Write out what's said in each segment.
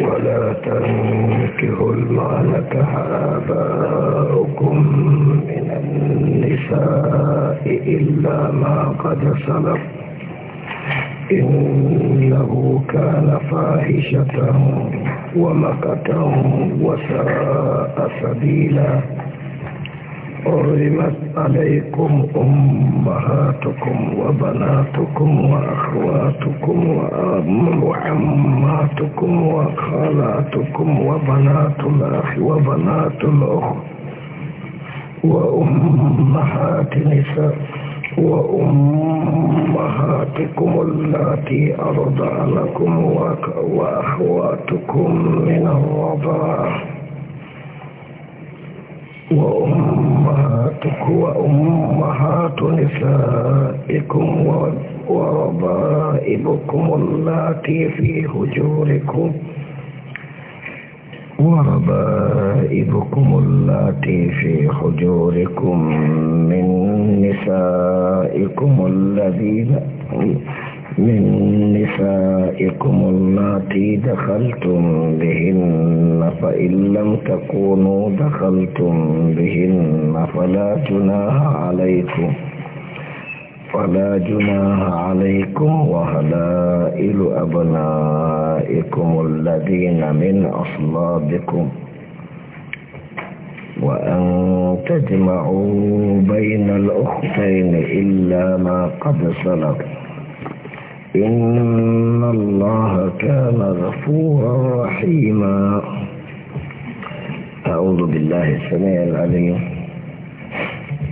ولا تنكحوا المعنة آباؤكم من النساء إلا ما قد سلف إنه كان فاحشة ومكة وساء سبيلا حرمت عليكم أمهاتكم وبناتكم وأخواتكم وعماتكم وخالاتكم وبنات الأخ وبنات الأخ وأمهات نساء وأمهاتكم التي لكم وأخواتكم من الرضاعه وأمهاتك وأمهات نسائكم وربائبكم اللاتي في هجوركم وربائبكم اللاتي في حجوركم من نسائكم الذين من نسائكم التي دخلتم بهن فإن لم تكونوا دخلتم بهن فلا جناح عليكم فلا جناح عليكم وهلائل أبنائكم الذين من أصلابكم وأن تجمعوا بين الأختين إلا ما قد سلف إن الله كان غفورا رحيما أعوذ بالله السميع العليم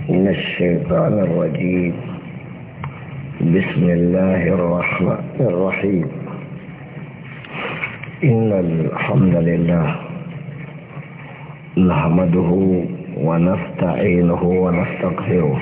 من الشيطان الرجيم بسم الله الرحمن الرحيم إن الحمد لله نحمده ونستعينه ونستغفره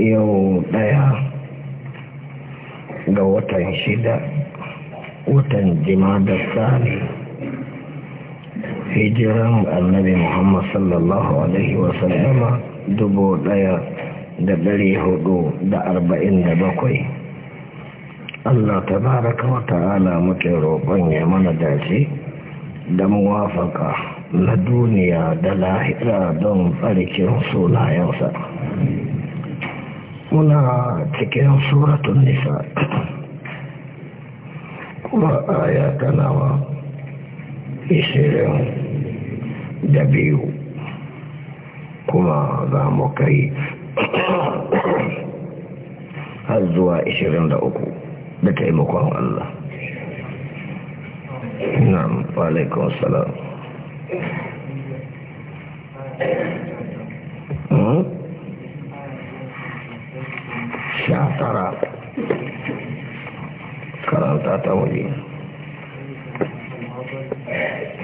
yau daya ga watan shida watan da tsari hijiran annabi muhammad sallallahu alaihi wasallama dubu daya da dari hudu da arba'in da bakwai allah tabaraka wa ta'ala muke roƙon ya mana dace da muwafaka na duniya da lahira don tsarkin sunayensa muna cikin suratun nisa kuma aya tana nawa ishirin da biyu kuma za mu kai har zuwa ishirin da uku da taimakon Allah na alaikun salam Mm-hmm. Shatara karanta ta waje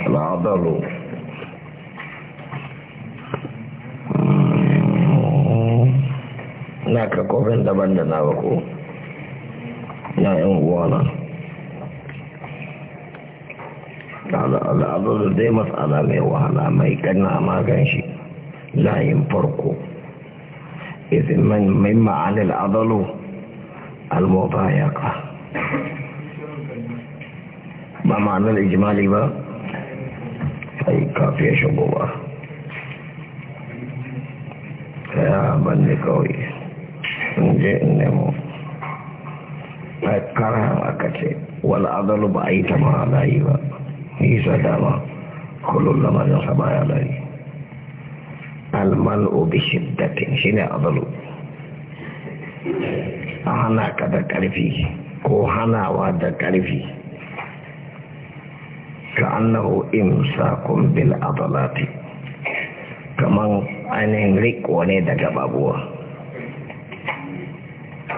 ladalo na ka kofin daban da na bako na yin gwana al'adalu dai matsala mai wahala mai gana magan shi layin farko إذ من مما عن العضل المضايقة ما معنى الإجمالي با أي كافية شبوة يا بني كوي نجي إنمو كره أكتي والعضل بأي تمام علي با نيسا داما كل لما نصبع علي almal'u bi shiddatin shine azalu hana ka da ƙarfi ko hanawa da ƙarfi ka annahu imsakun bil adalati kaman ainihin riko ne daga babuwa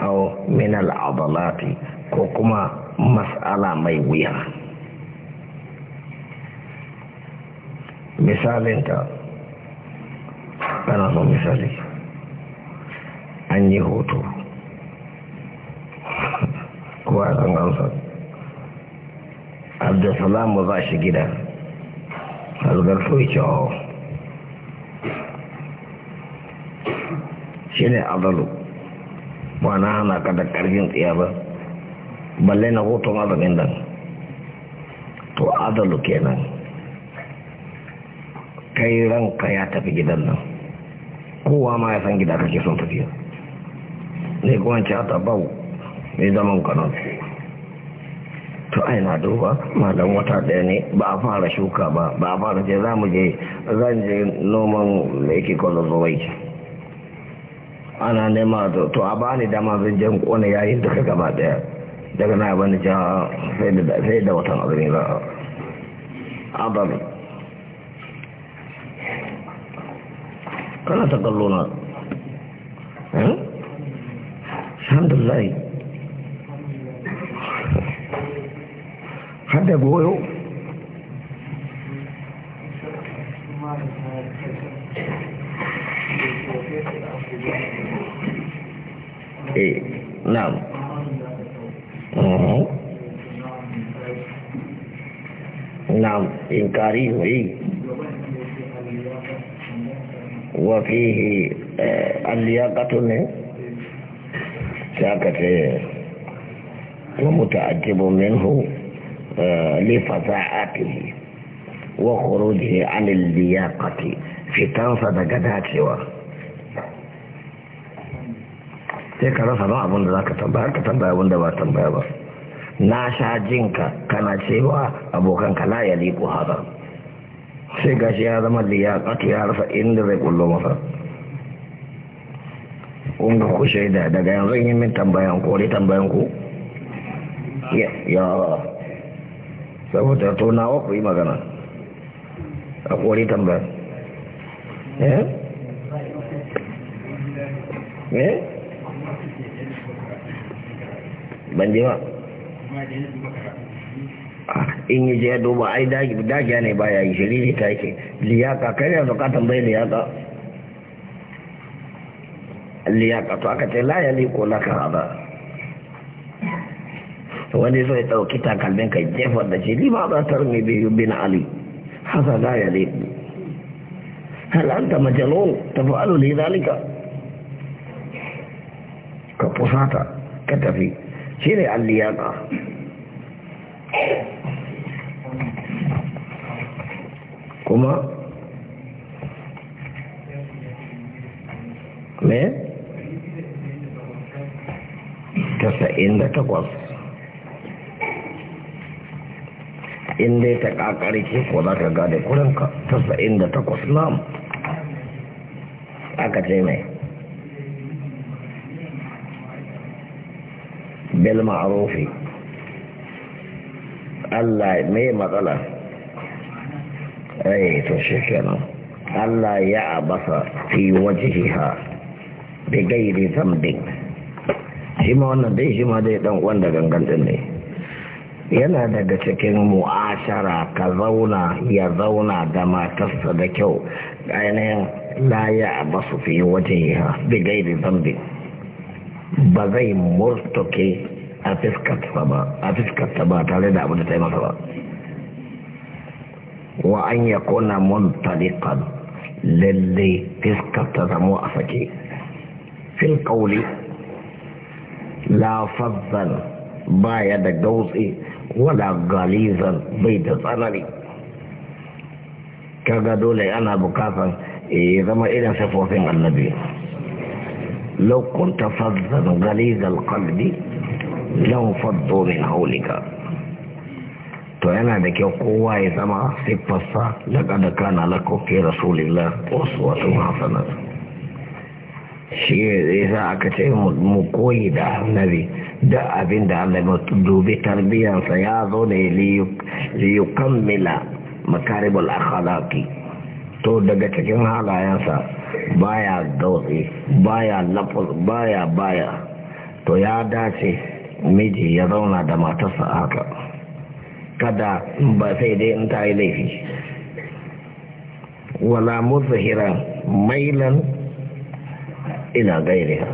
au min adalati ko kuma mas'ala mai wuya misalinta kana so misali an yi hoto kuwa a gansa abdulsalamu za shi gida halgar soke o shi ne adalu ba na hana ka da karfin tsaye ba balle na hoton azumin nan to adalu kenan kai ranka ya tafi gidan nan kowa ma ya san gida kake son tafiya ne kuma ce ta bau ne zaman kanon to ai na duba malam wata daya ne ba a fara shuka ba ba a fara ce za mu je zan je noman da yake kwallo zuwai ana nema to a bani dama zan jan kone yayin duka gaba daya daga na bani ja sai da watan azumi ba a kana ta kallo na alhamdulillah har da goyo eh na'am eh? na'am inkari wai eh. وفيه اللياقة ساكت ومتعجب منه لفزاعته وخروجه عن اللياقة في تنفى دقداتها sai ka rasa ba abin da za ka tambaya ka tambaya abin da ba tambaya ba na sha jinka kana cewa abokanka la ya liku hazar sai gashi ya zama da ya tsaki ya rasa inda zai kullo masa kun ku shaida daga yanzu yi min tambayan ko dai tambayan ku ya saboda to wa ku yi magana a kori tambayan eh eh ban in yi je duba ai daji ne ba ya yi shiriri ta yake liyaka kai ne zukatan bai liyaka liyaka to aka ce la ya ko laka hada wani zai ɗauki takalmin ka jefa da shi lima ba tar mai biyu bin ali hasa la ya ta hal anta majalun tafa'alu li zalika ka fusata ka tafi shi shine alliyaka kuma me tasa'in da takwas in dai ta kakari ke ko za ka gada kurinka tasa'in da takwas lam aka ce mai bel ma'arufi Allah mai matsala rai eh, to shi kenan Allah ya abasa fi wajihiha bi gairi zambin shi ma wannan dai shi ma dai dan wanda gangan din ne yana daga cikin mu'ashara ka zauna ya zauna da matarsa da kyau ainihin la ya basu fi wajihiha bi gairi zambin ba zai murtuke a fiskarta ba tare da abu da ta yi masa ba wa an ya kona muntalikan lalle fiskar ta zamo a sake fil kauli lafazzan baya da gautse wala galizan bai da tsanani kaga dole ana bukatar ya eh, zama irin safofin annabi لو كنت فظا غليظ القلب لانفضوا من حولك to yana da kyau kowa ya zama siffarsa kada kana lakofi rasulillah wasu wasu hasanar shi zai za aka ce mu koyi da annabi da abin da allah dubi tarbiyyarsa ya zo ne liyukammila makaribul akhlaqi to daga cikin halayensa baya gautsi baya lafus baya baya to ya dace miji ya zauna da matarsa haka kada ba sai dai in ta yi laifi wala muzahira mailan ila gairiha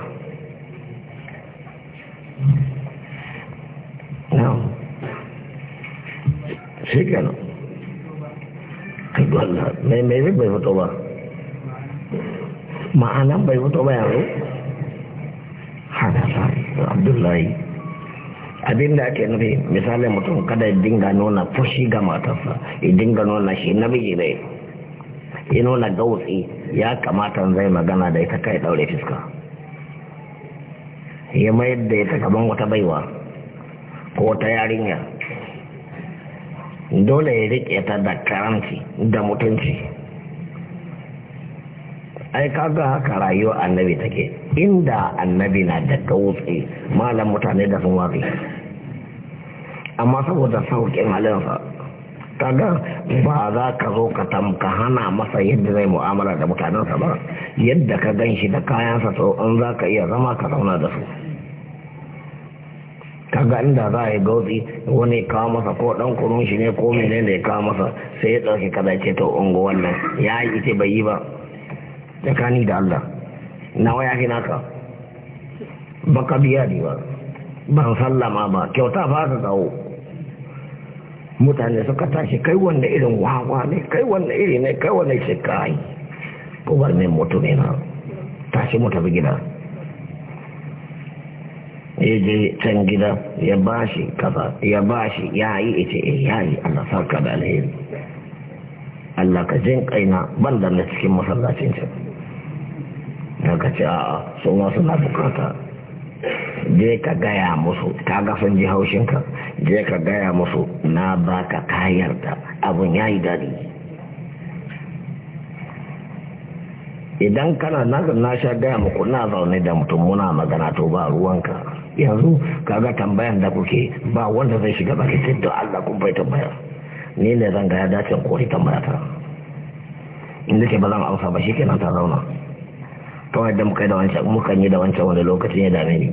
shi kenan Allah mai mai bai fito ba ma'anan bai fito ba yaro hada abdullahi abin da ake nufi misalin mutum kada ya dinga nuna fushi ga matarsa ya dinga nuna shi na miji ne ya nuna gautsi ya kamata zai magana da ita kai daure fiska ya mayar da ita gaban wata baiwa ko wata yarinya dole ya riƙe ta da karanci da mutunci ai kaga haka rayuwa annabi take inda annabi na da gautsi malam mutane da sun amma saboda sauƙin halinsa kaga ba za ka zo ka tamka hana masa yadda zai mu'amala da mutanensa ba yadda ka gan shi da kayansa sau in za ka iya zama ka zauna da su kaga inda za a yi gautsi wani kawo masa ko dan kunun shi ne ko mene ne kawo masa sai ya ɗauki kada ce ta ungo wannan ya yi ita bai yi ba tsakani da Allah nawa ya fi naka baka biya ne ba ban sallama ba kyauta ba ka kawo mutane suka tashi kai wanda irin wawa ne kai wanda iri ne kai wanda shi kai ko bar min mutu ne na tashi mu tafi gida ya je can gida ya bashi kaza ya bashi ya yi ita eh, ya yi Allah saka da alheri Allah ka jin kaina ban da na cikin masallacin can ka ce a su ma suna bukata je ka gaya musu ta gafin ji haushinka je ka gaya musu na ba ka kayar da abin ya yi dadi idan kana na sha gaya muku na zaune da mutum muna magana to ba ruwanka yanzu kaga tambayan da kuke ba wanda zai shiga baki sai da Allah kun bai tambaya ni ne zan ga ya dace ko ita tambaya ta inda ke ba zan amsa ba shikenan ta zauna kawai da muka da wancan mukan yi da wancan wani lokacin ya dame ni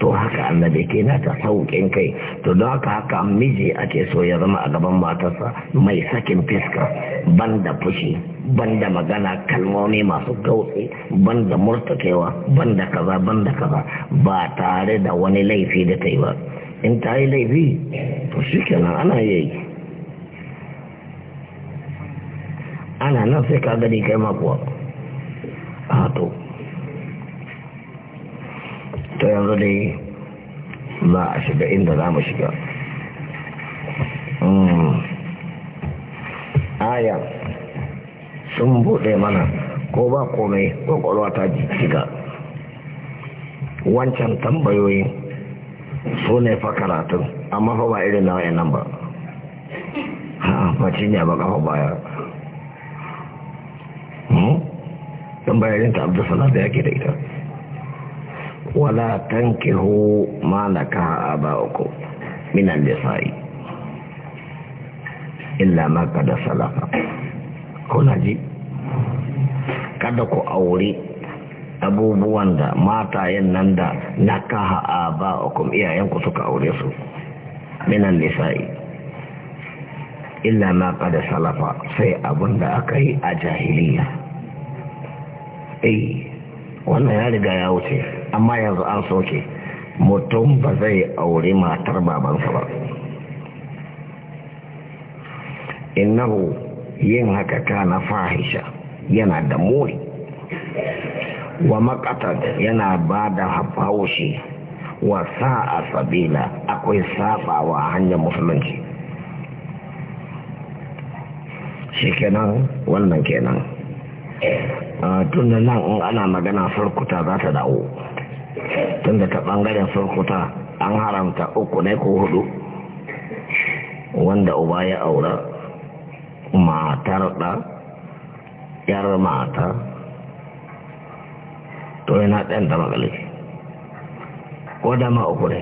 to haka Allah da ke ta sauƙin kai to don haka haka miji ake so ya zama a gaban matarsa mai sakin fiska banda fushi banda magana kalmomi masu gautsi banda murtakewa banda kaza banda kaza ba tare da wani laifi da ta yi ba in ta yi laifi to shi kenan ana yi ana nan sai ka gani kai makuwa a to ta yanzu dai za a shiga inda za mu shiga hmm. aya sun buɗe mana ko ba komai kwakwalwa ta jijjiga wancan tambayoyin su ne fa karatun amma fa ba irin na nan ba mace ya ba kafa baya hmm? tambayoyin ta abdulsalam da yake da ita wala tankihu ma nakaha aba'ukum min an illa ma kada salafa ko naji kada ku aure abubuwan da matayen nan da nakaha aba'ukum iyayenku suka aure su min an illa ma kada salafa sai da aka yi a jahiliya eh wannan ya riga ya wuce amma yanzu an soke mutum ba zai aure matar babansa ba innahu yin haka kana fahisha yana da muri. wa makatar yana ba da haushi wa a sabila akwai sabawa hanyar musulunci shi kenan wannan kenan ah, tun da nan ana magana sarkuta za ta dawo tunda ta bangaren surkuta an haramta uku ne ko hudu wanda uba ya aura matar da yar mata to yana ɗan da magali ko dama uku ne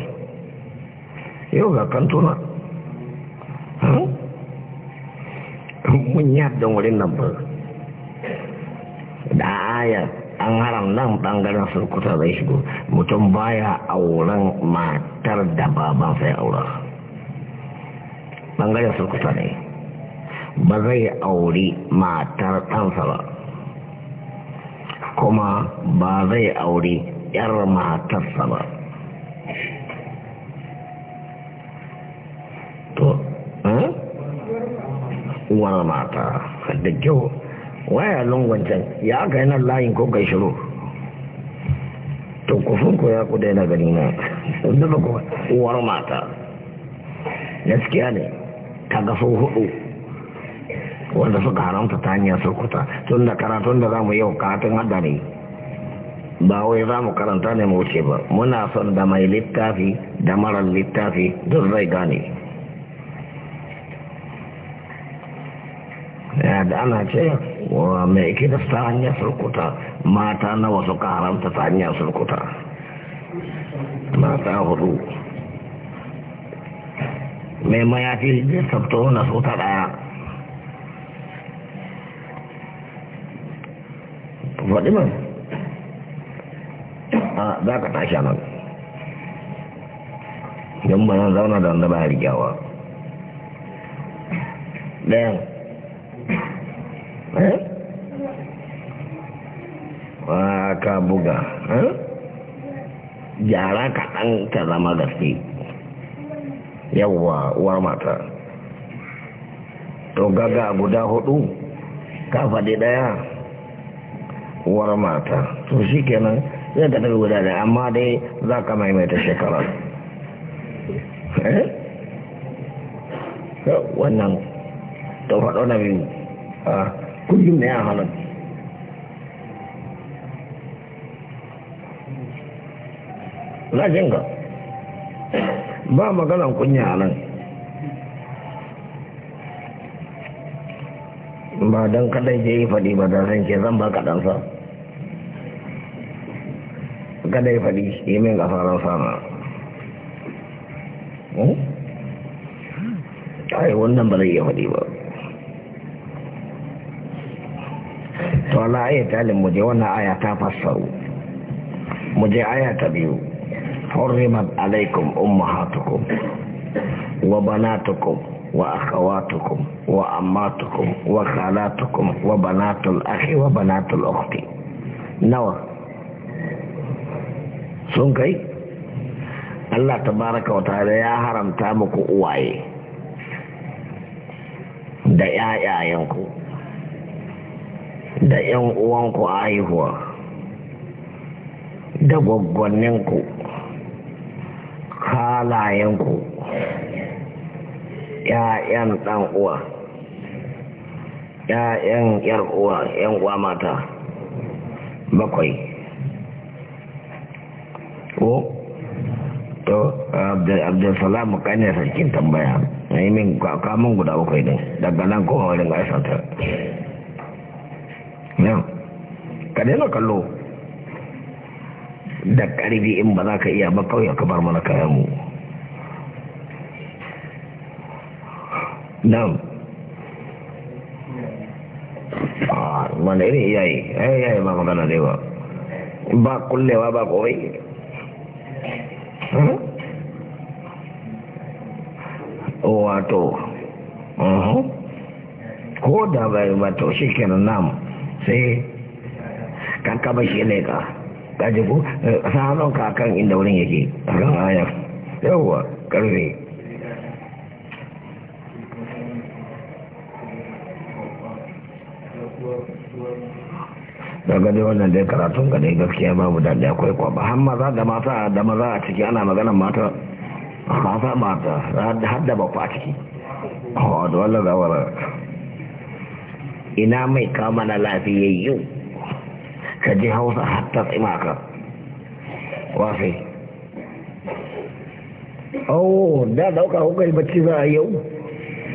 yau ga kantuna hmm? mun yi haɗin wurin nan ba da ayar an haram nan bangaren surkuta zai shigo mutum baya auren matar da baban sai aura bangaren surkuta ne ba zai auri matar ɗansa ba kuma ba zai auri yar matarsa ba to hmm? uwar mata da kyau waya lungun can ya aka yi layin ko kai shiru to kufin ko ya ku daina gani na wanda ba ku mata gaskiya ne ta gaso hudu wanda suka haramta ta hanyar sokuta tun da karatun da za mu yau katin hada ba wai za mu karanta ne mu wuce ba muna son da mai littafi da marar littafi duk zai gane da ana ce wa mai ta hanyar surkuta mata nawa suka haramta ta hanyar surkuta mata hudu mai mayafi da sabto na su ta daya faɗi man a za ka tashi nan yamma banan zauna da wanda ba rigyawa ɗayan ba eh? ka buga eh? ka ɗan ta zama gaske yawwa uwar mata to gaga guda hudu ka faɗi ɗaya uwar mata to shi kenan zai ka tafi guda ɗaya amma dai za ka maimaita shekara eh? wannan to faɗo na biyu ah. kullum ne a halar na jinga ba maganan kunya a nan ba don kadai ke yi faɗi ba don ke zan ba sa kadai faɗi yi min gafarar sama hmm? ai wannan ba zai yi faɗi ba ala ayi talin muje je wannan aya ta fassaru muje aya ta biyu hurrimat alaikum ummahatukum wa banatukum wa akhawatukum wa ammatukum wa khalatukum wa banatul akhi wa banatul ukhti nawa sun kai Allah tabaraka wa ta'ala ya haramta muku uwaye da ƴaƴayenku da ‘yan uwanku a haihuwa da gwaggwanninku halayenku ‘ya'yan ɗan uwa ‘ya'yan ‘yar uwa mata bakwai ko to abdulsalam kanin sarkin tambaya na yi min kamun guda bakwai ne daga nan kowa wajen aisanta ka kallo da karbi in ba za ka iya ba kawai ka bar mana kayan mu ne ah, ne irin iyaye iyaye ba magana dai ba ba kullewa ba kowai hmm? wato hmm? ko da bai ba shi kenan nam sai an ka shi ne ka ka ji ko eh, sa hannun ka kan inda wurin yake kan ayar yawwa karfe daga dai wannan dai karatun ga dai gaskiya babu daɗi akwai kwaba har maza da mata da maza a ciki ana maganar mata mata mata hada da bakwa a ciki a oh, wadda wadda zawarar ina mai kama na lafiyayyu ka ji hausa hatta tsimaka wafe oh da dauka kuka yi bacci za a yau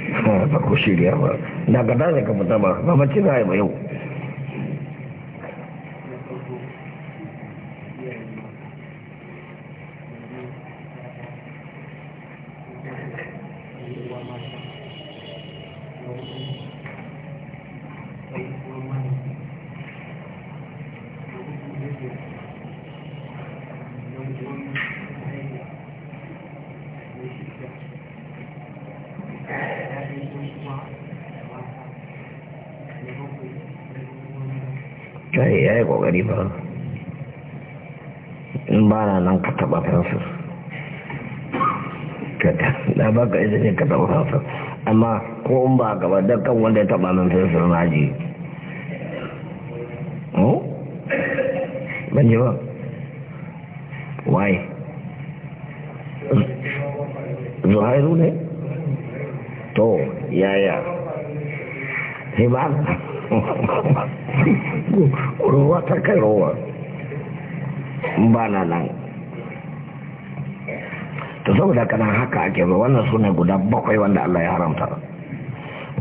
ba ku shirya ba daga da zaka fita ba ba bacci za a ba yau gari faransa in ba na nan ka taba faransa na ba ka izinin ka taba faransa amma ko in ba gaba da wanda ya taba min faransa na ji ban ji ba why zuhairu ne to yaya sai ruwa ta kai ruwa bana nan ta saboda kanan haka ake ba wannan su ne guda bakwai wanda Allah ya haramta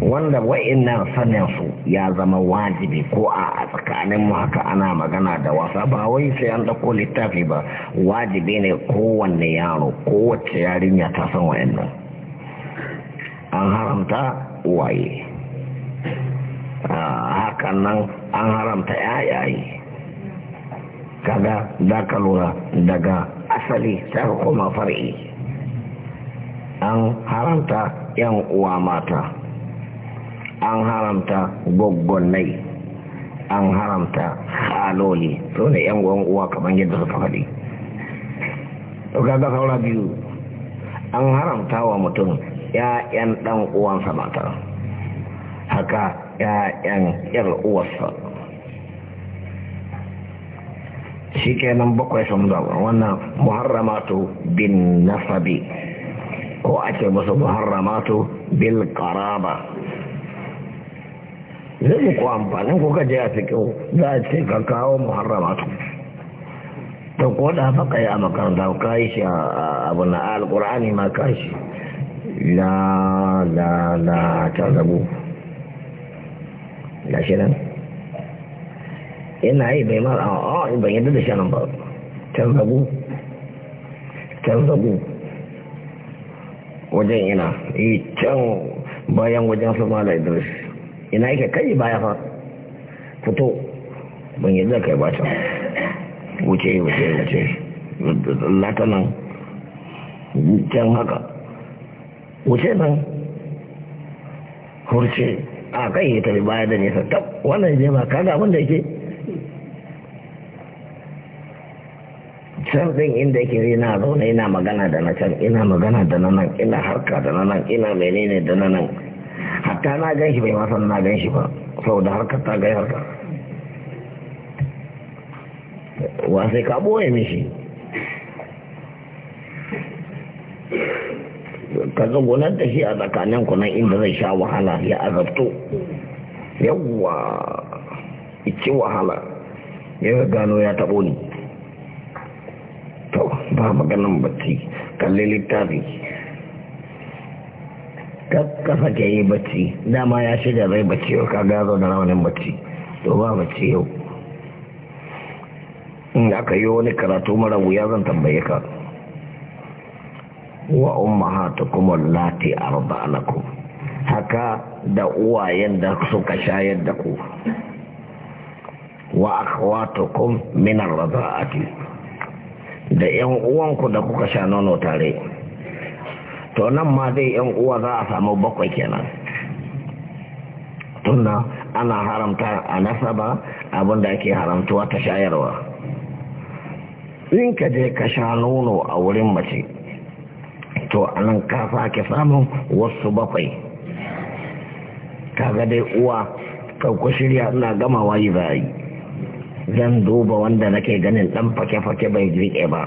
wanda nan sanin su ya zama wajibi ko a tsakanin tsakaninmu haka ana magana da wasa ba wai sai an ɗauko littafi ba wajibi ne kowanne yaro kowace yarinya ta san nan an haramta waye Ah, hakan nan an haramta yayaye kaga za ka lura daga asali ta ka koma far'i an haramta yan uwa mata an haramta gwaggwannai an haramta haloli to ne yan uwan uwa kamar yadda suka faɗi kaga saura biyu an haramta wa mutum ya'yan dan uwansa mata haka ƴaƴan ƴar uwarsa shi kenan bakwai sun zama wannan muharramatu bin nasabi ko ake musu muharramatu bil karaba zai ku amfani kuka je a cikin za a ce ka kawo muharramatu ta ko baka yi a makaranta ka yi shi abu na alkur'ani ma ka shi la la la ta zabu gashi nan ina ah, ah, yi bai mara a ban yadda da shanan ba can zagu can zagu wajen ina yi can bayan wajen su da idris ina yake kai baya ah. fa fito ban yadda kai ba ta wuce wuce wuce lata nan can haka wuce nan hurce a kan yi tafi baya da nesa tab wannan je ma kaga abin da yake can ɗin inda yake na zaune ina magana da na can ina magana da na nan ina harka da na nan ina menene da na nan hatta na gan shi bai masan na gan shi ba da harkar ta gai harkar wasai ka boye mishi ka zagunar da shi a tsakanin ku nan inda zai sha wahala ya azabto yawwa ice wahala ya gano ya taɓo ni to ba maganin bacci kalli littafi kafa ke yi bacci dama ya shiga zai bacci yau ka gazo da raunin bacci to ba bacci yau in aka yi wani karatu mara wuya zan tambaye ka wa ummahatukum allati arda'alakum haka da uwayen da suka shayar da ku wa akhwatukum min ar-rada'ati da yan uwanku da kuka sha nono tare to nan ma dai yan uwa za a samu bakwai kenan tunda ana haramta a nasaba abinda ake haramtuwa ta shayarwa in ka je ka sha nono a wurin mace to anan ka ke samun wasu bakwai kaga dai uwa ku shirya ina gama wayi za yi zan duba wanda nake ganin dan fake-fake bai jirge ba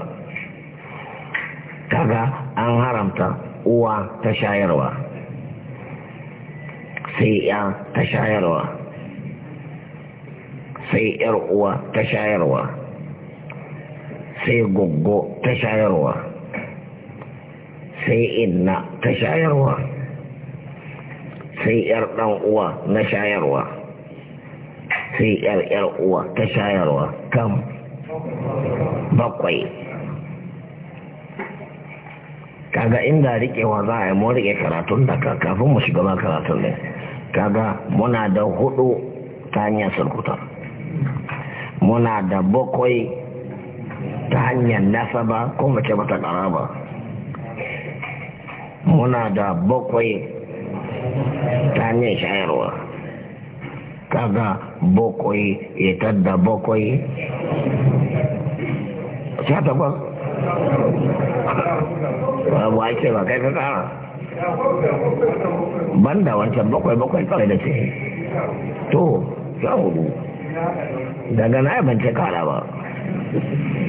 kaga an haramta uwa ta shayarwa sai ya ta shayarwa sai yar uwa ta shayarwa sai goggo ta shayarwa sai inna ta shayarwa sai yar dan uwa na shayarwa sai yar yar uwa ta shayarwa kam bakwai kaga inda rikewa za a yi mu rike karatun da kafin mu shiga ba karatun ne kaga muna da hudu ta hanyar surkuta muna da bakwai ta hanyar nasaba ko mace mata karaba muna da bakwai ta hanyar shayarwa kaga bakwai ya tadda bakwai sha takwas ba ake ba kai ka kara da wancan bakwai bakwai kawai da ce to sha hudu daga na yi bance kara ba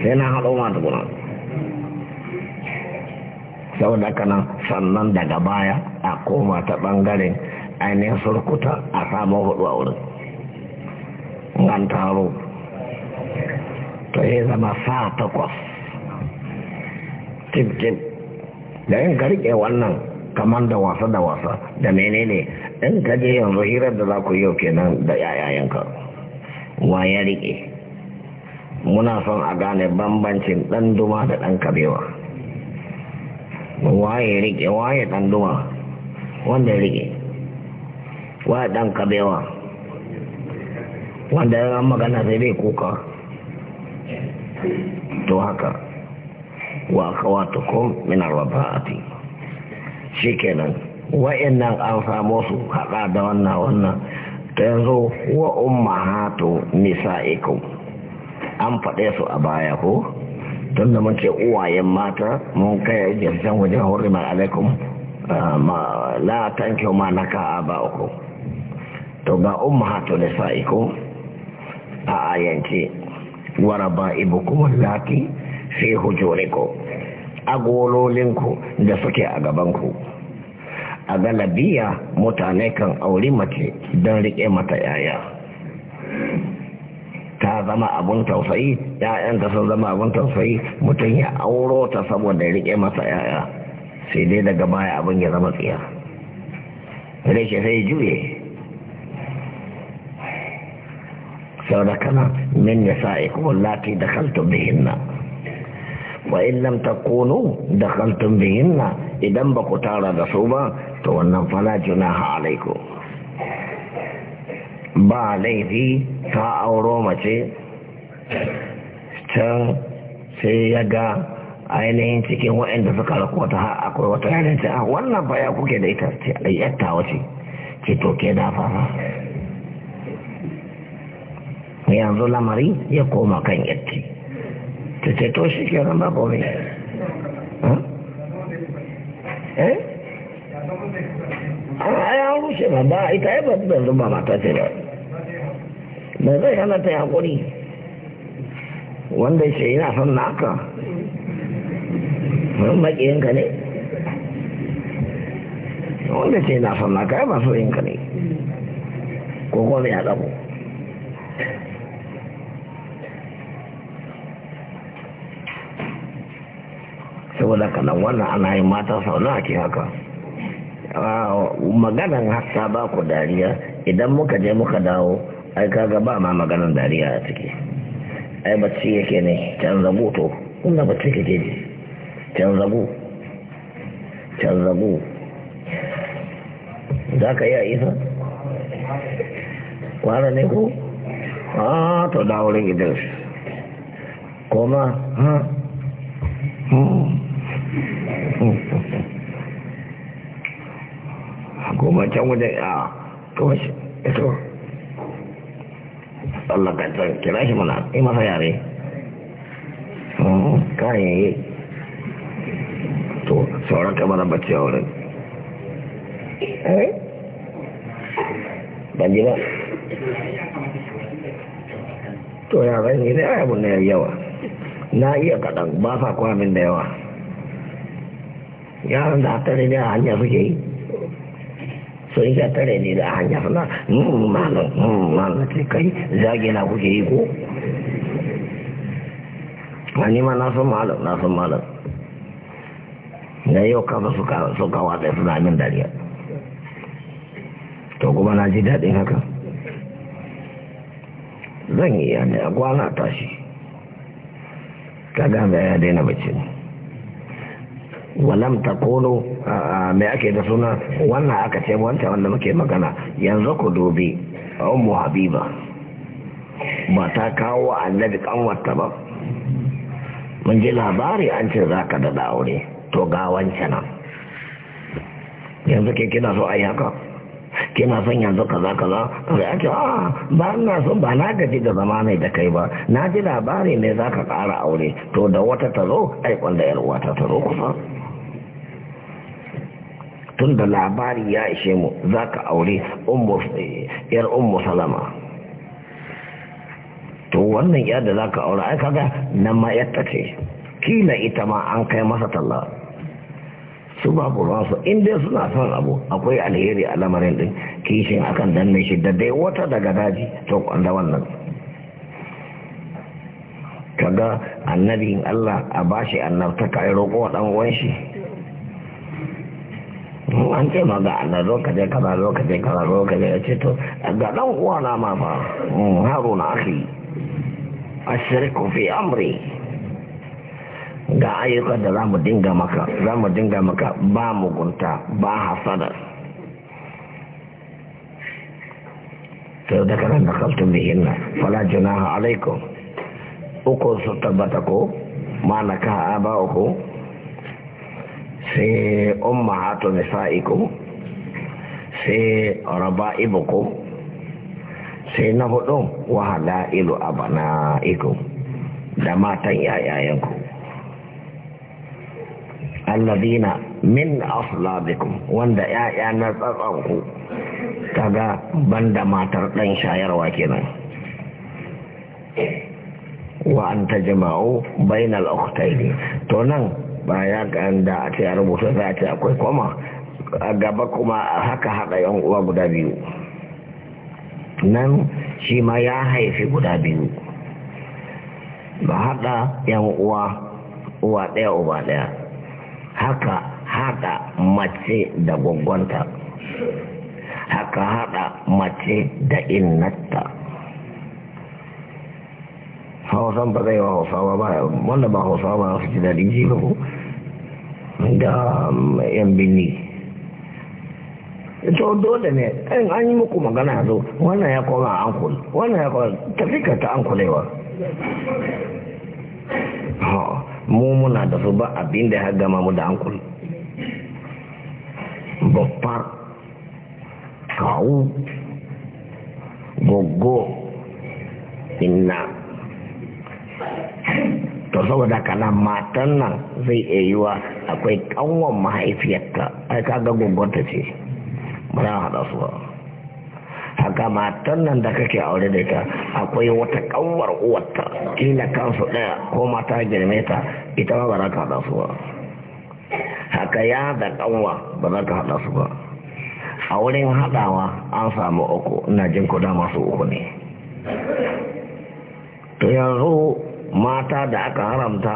sai na haɗo ma tukuna sau da kanan sannan daga baya a koma ta bangaren ainihin surkuta a samun hudu a wurin an taro Ta yi zama sa takwas tip da yin karke wannan kamar da wasa da wasa da menene in ka je yanzu hirar da za ku yau kenan da yayayenka wa ya riƙe muna son a gane bambancin ɗan duma da ɗan kabewa waye rike waye dan duwa wanda rike waye dan kabewa wanda ya magana sai bai kuka to haka wa akhawatukum min arba'ati shikenan wa'annan an samu su haka da wannan wannan ta yanzu wa ummahatu nisa'ikum an faɗe su a baya ko tun da muke uwayen mata mun kai jirgin wajen hurrima alaikum ah, la tanke ma na ka ba uku to ga sa iko a ayance wa raba'ibukum allati fi ko agololinku da suke a gabanku a galabiya mutane kan auri mace don rike mata yaya ta zama abun tausayi ‘ya'yanta sun zama abun tausayi mutum ya auro ta saboda riƙe masa ‘ya'ya sai dai daga baya abin ya zama tsiya rashe sai juye sau da kana min ya sa kuma lati da kaltun bihinna wa in lam kono da kaltun bihinna idan ba ku tara da su ba to wannan juna ha alaiku. ba laifi ta auro mace can ya ga ainihin cikin waɗanda suka rakota akwai wata yanin a wannan baya kuke da ita ce ayyatta wace ce dafa yanzu lamari ya koma kan yatti ta ce to shi ke ran babu ne eh? rushe ba ita ya ba ba mata ce mai zai hana ta haƙuri wanda ce yana son naka wani maƙiyinka ne wanda ce yana son naka ya masu yinka ne ko kome ya saboda kanan wannan ana yi mata sau na ake haka ah, maganan hatta ba ku dariya idan muka je muka dawo ai kaga ba ma maganar dariya a ciki ai bacci yake ne can zabu to inda bacci kake ji can zabu can zabu za ka a isa kwana ne ku a to da wurin idris koma ha koma can wajen a kawai ito Allah ka kira shi mana yi eh, masa yare kayan yi to sauran kamar da bacci a wurin ban ji to ya bai ne da ayyabun na yawa na iya kaɗan ba sa kwamin da yawa yaran da a tare da hanya suke yi sai ka tare ne da hanyar na hmm, malam hmm, malam ce kai zage na kuke yi ko wani ma na san malam na san malam na yau kafa su kawo da suna min dariya to kuma na ji daɗin haka zan yi yane a kwana tashi ta gaba ya daina bacci ne walam ta kono mai ake da suna wannan aka ce wancan wanda muke magana yanzu ku dobe ummu habiba ba ta kawo annabi kanwarta ba mun ji labari an ce za ka daɗa aure to ga wancan yanzu ke kina so a haka kina son yanzu kaza kaza kaza ake ce ah, a ba na son ba na gaji da zama mai da kai ba na ji labari ne za ka ƙara aure to da wata ta zo ai wanda yar uwa ta ta zo kusa tun da labari ya ishe mu za ka aure eh, yar ummu salama to wannan ya da za ka aure aika ga nan ma yadda ce kila ita ma an kai masa talla su babu ransu inda suna son abu akwai alheri a lamarin din kishin akan danne shi da dai wata daga daji to kwanda wannan kaga annabin Allah a bashi annabta kai roƙo wa dan uwan shi mu an ce ma ga ka je kaza je kaza ka je ce to ga dan uwa na ma fa mm, haruna akhi ashriku fi amri ga ayyuka da za mu dinga maka za mu dinga maka ba mugunta ba hasada to da kana da kaltu bihin hinna fala junaha alaikum uku su tabbata ko ma na ka aba uku sai ummahatu nisa'ikum sai raba'ibukum sai na hudu wa halailu abana'ikum da matan yayayanku alladina min aslabikum wanda yaya na tsatsanku kaga banda matar dan shayarwa kenan wa anta jama'u bainal ukhtayni to nan baya ga da a ce a rubuta za a ce akwai koma a gaba kuma haka haɗa yan uwa guda biyu nan shi ma ya haifi guda biyu ba haɗa yan uwa uwa ɗaya uba ɗaya haka haɗa mace da gwaggwanta haka haɗa mace da innata hausan ba zai wa hausawa ba wanda ba hausawa ba su ji daɗin ji ba ko da um, yan bini ito dole ne ɗan an yi muku magana zo wannan ya koma an kuli wannan ya koma tafi ka ta an mu muna da su ba abin da ya gama mu da an kuli babbar kawo goggo inna to saboda kana matan nan zai iya yi wa akwai kanwan mahaifiyarta ai ka ga gungunta ce ba za haɗa su ba haka matan nan da kake aure da ita akwai wata kanwar uwarta kila kansu ɗaya ko mata girme ta ita ba ba za ka haɗa su ba haka ya da kanwa ba za ka haɗa su ba a wurin haɗawa an samu uku ina jin kuda masu uku ne to yanzu mata da aka haramta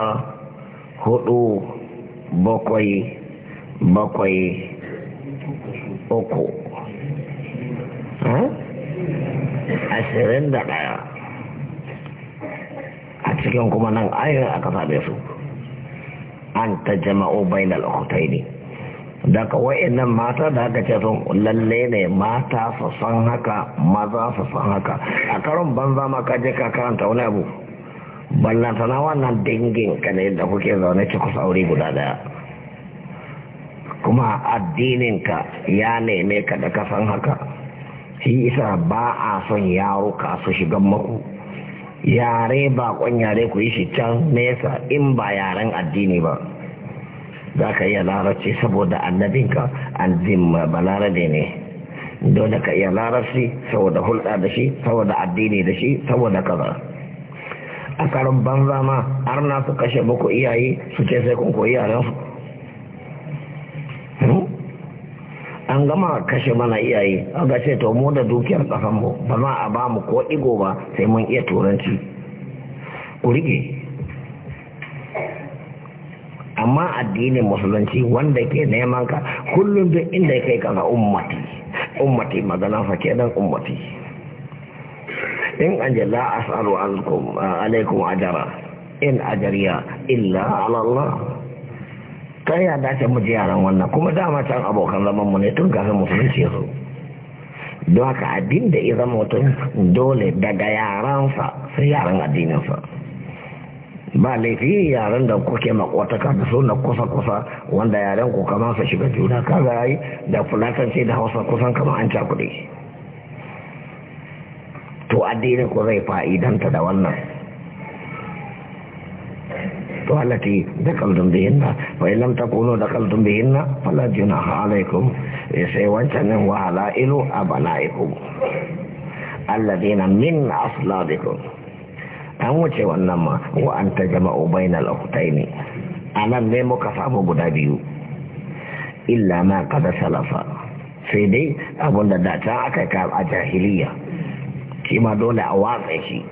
hudu bakwai bakwai uku hmm? ashirin da daya a cikin kuma nan ayin aka same su an ta jama'o bainal hutai ne daga wa'annan mata da aka ce sun lalle ne mata su san haka maza su san haka a karon banza ma kaje ka karanta wani abu tana wannan dangin ka ne da kuke zaune cikus aure guda daya kuma addininka ya neme ka da kasan haka shi isa ba a son yaro ka su shigan maku yare bakon yare ku yi shi can nesa in ba yaren addini ba za ka iya larabci saboda annabinka aljin balarabe ne dole ka iya larabci saboda hulɗa da shi saboda addini da shi saboda kaza a karin banza ma har na su kashe muku iyaye su ce sai kun koyi yaransu hmm? an gama kashe mana iyaye aga ce to mu da dukiyar ƙasanmu ba ma a ba mu ko igo ba sai mun iya turanci ku rike amma addinin musulunci wanda ke neman ka kullum duk inda ya kai kana ummati ummati maganan fa kenan ummati in an jalla as'alu alaikum alaikum ajara in ajariya illa ala Allah ta ya dace mu ji yaran wannan kuma dama can abokan zaman mu ne tun kafin musulunci ya so. don haka abin da ya mutum dole daga yaransa sai yaran addininsa ba laifi yaren da kuke makwataka da suna kusa-kusa wanda yaran ku kama su shiga juna kaga yi da fulatanci da hausa kusan kama an cakuɗe to addinin ku zai fa'idanta da wannan to allati dakaltum ta kuno da kaldun dakaltum bihinna fala junaha alaikum eh, sai wancan nan wa halailu abanaikum alladina min aslabikum an wuce wannan ma wa an jama'u bainal ukhtaini anan ne muka samu guda biyu illa ma qad salafa sai dai abunda da ta aka ka a jahiliya shi ma dole a watsa shi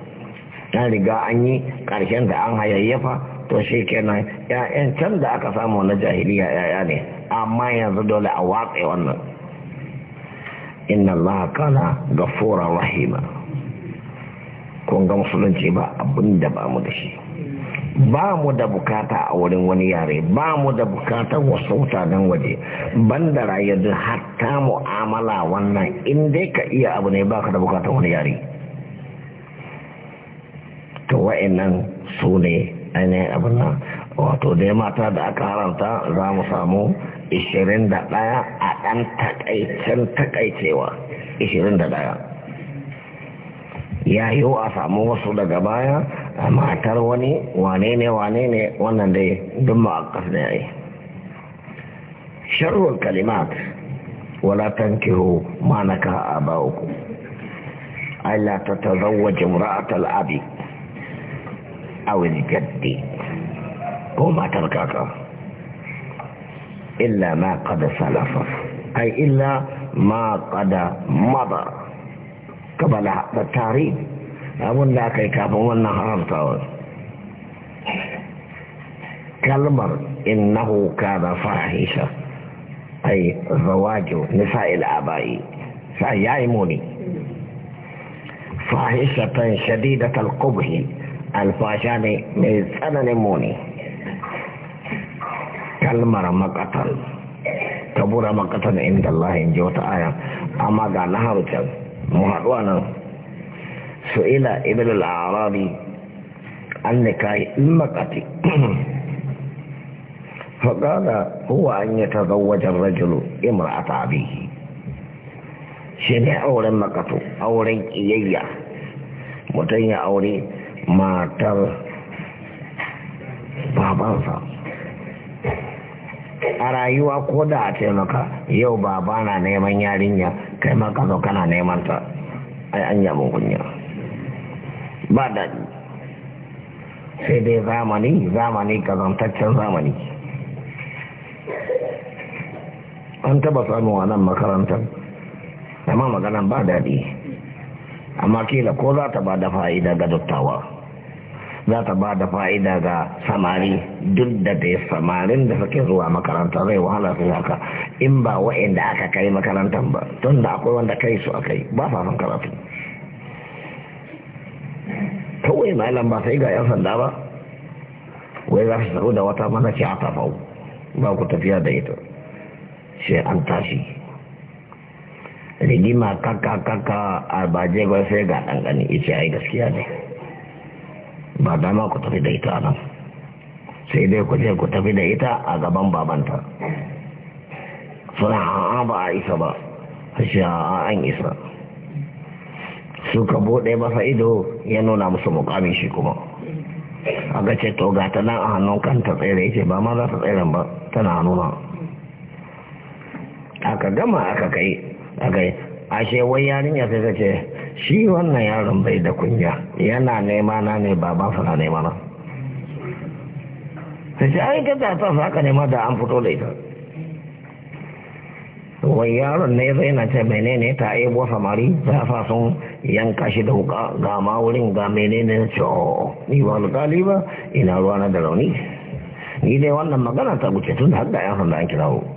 na riga an yi ƙarshen da an hayayyafa to shi kenan ya'yan can da aka samu na jahiliya ya'ya ne amma yanzu dole a watsa wannan inna Allah kana gafuran rahima kun ga musulunci ba abinda da ba mu da shi ba mu da bukata a wurin wani yare ba mu da bukatar wasu mutanen waje banda rayar hatta mu'amala wannan inda ka iya abu ne baka da bukatar wani yare to wa'annan su ne ainihin abin nan wato dai mata da aka haramta za mu samu 21 a ɗan takaicen takaicewa 21 ya yi a samu wasu daga baya a matar wani wane ne wane ne wannan dai duk ma ma'akas da ya yi sharwar kalimat wala tankihu manaka naka abauku ay la tatazawwaj imra'at al-abi aw al-jaddi ko matar kaka illa ma qad salafa ay illa ma qad mada قبل التعريب abun da aka yi kafin wannan haramtawar kalmar innahu kana fahisha ay zawajo nisa'il abai sa yayi muni fahishatan shadidatal qubhi alfasha ne mai tsananin muni kalmar makatal kabura makatal inda Allah in ji wata aya amma ga laharucan muhaɗuwa su'ila ibn al-arabi an nikahi in makati faƙaɗa huwa an yi tazawwajen rajulu a abihi shi ne auren makato auren ƙiyayya mutum ya aure matar babansa a rayuwa ko da a taimaka yau ba ba na neman yarinya kai maka zo kana neman ta ai an abin kunya ba daɗi sai dai zamani zamani kazantaccen zamani an taba samun a nan makarantar amma maganan ba daɗi amma kila ko za ta ba da fa'ida ga dattawa za ta ba da fa'ida ga samari duk da da samarin da suke zuwa makaranta zai wahala su haka in ba wa'inda aka kai makarantar ba tun da akwai wanda kai su yi ba sa son karatu kawai malam ba sai ga 'yan sanda ba wai za su saru da wata mana ce a tafau ba ku tafiya da ita sai an tashi rigima kaka kaka a baje sai ga ɗanɗani ita ya yi gaskiya ne ba dama ku tafi da ita nan sai dai ku je ku tafi da ita a gaban babanta suna a'a ba a isa ba shi a'a an isa suka bude masa ido ya nuna musu mukamin shi kuma aka ce to gata nan a hannun kanta tsere ce ba ma za ta tseren ba tana nuna aka gama aka kai aka ashe wai yarinya sai ta ce shi wannan yaron bai da kunya yana nema na ne ba suna nema na sai shi an gada ta nema da an fito da ita wai yaron ne zai na ce menene ta buwa samari za sa sun yanka shi da wuka ga ma wurin ga menene ce o oh, oh, oh, ni ba alƙali ba ina ruwa na da rauni ni dai wannan magana ta wuce tun har da yan sanda an kira kirawo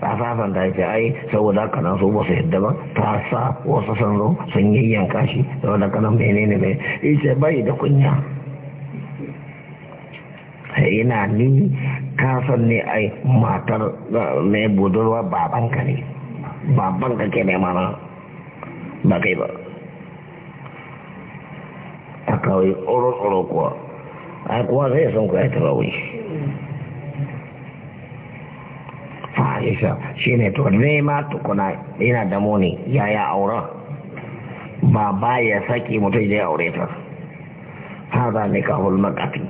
a da ake ai saboda haka nan su ba su yadda ba ta sa wasu san zo sun yi yanka shi saboda haka nan menene mai ita bai da kunya ina ni kasan ne ai matar eh, mai budurwa babanka ne babanka ke nema mana ba kai ba a kawai tsoro-tsoro kuwa a kuwa zai sun kuwa ya tarawai Aisha shine to nema tukuna yana da muni yaya auren ba ba ya saki mutum zai aure ta hada nikahul maqati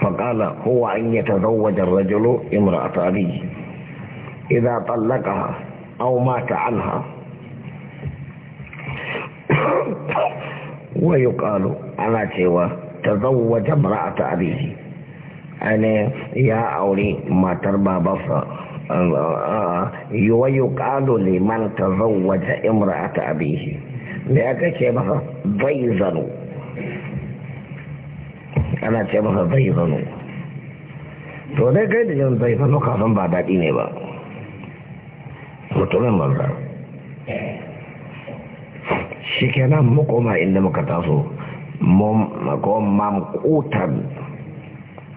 فقال هو أن يتزوج الرجل امرأة أبيه إذا طلقها أو مات عنها ويقال على سوى تزوج امرأة أبيه ane ya aure matar babarsa yiwa yi ƙalo liman ta zauwata imra'ata abihi da ya ce masa bai zano ana ce masa bai zano to dai kai da yin bai zano kafin ba daɗi ne ba mutumin banza shi kenan makoma inda muka taso mu koma mamkutan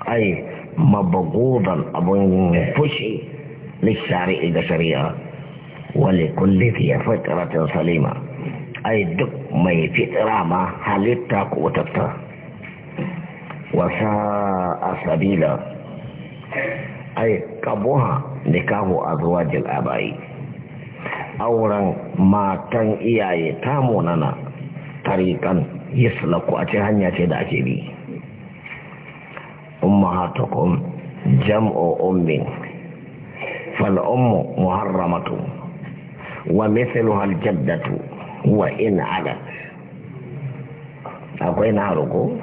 ai mabagudan abun fushi lissari'i da shari'a wale kulli fi fitratin salima ai duk mai fitra ma halitta ko tatta wa sa sabila ai kabuha nikahu a azwajil abai auren matan iyaye ta munana tarikan yislaku a ce hanya ce da ake bi ummahatukum jam'u ummin fal ummu muharramatu wa mithluha al jaddatu wa in alat akwai na roko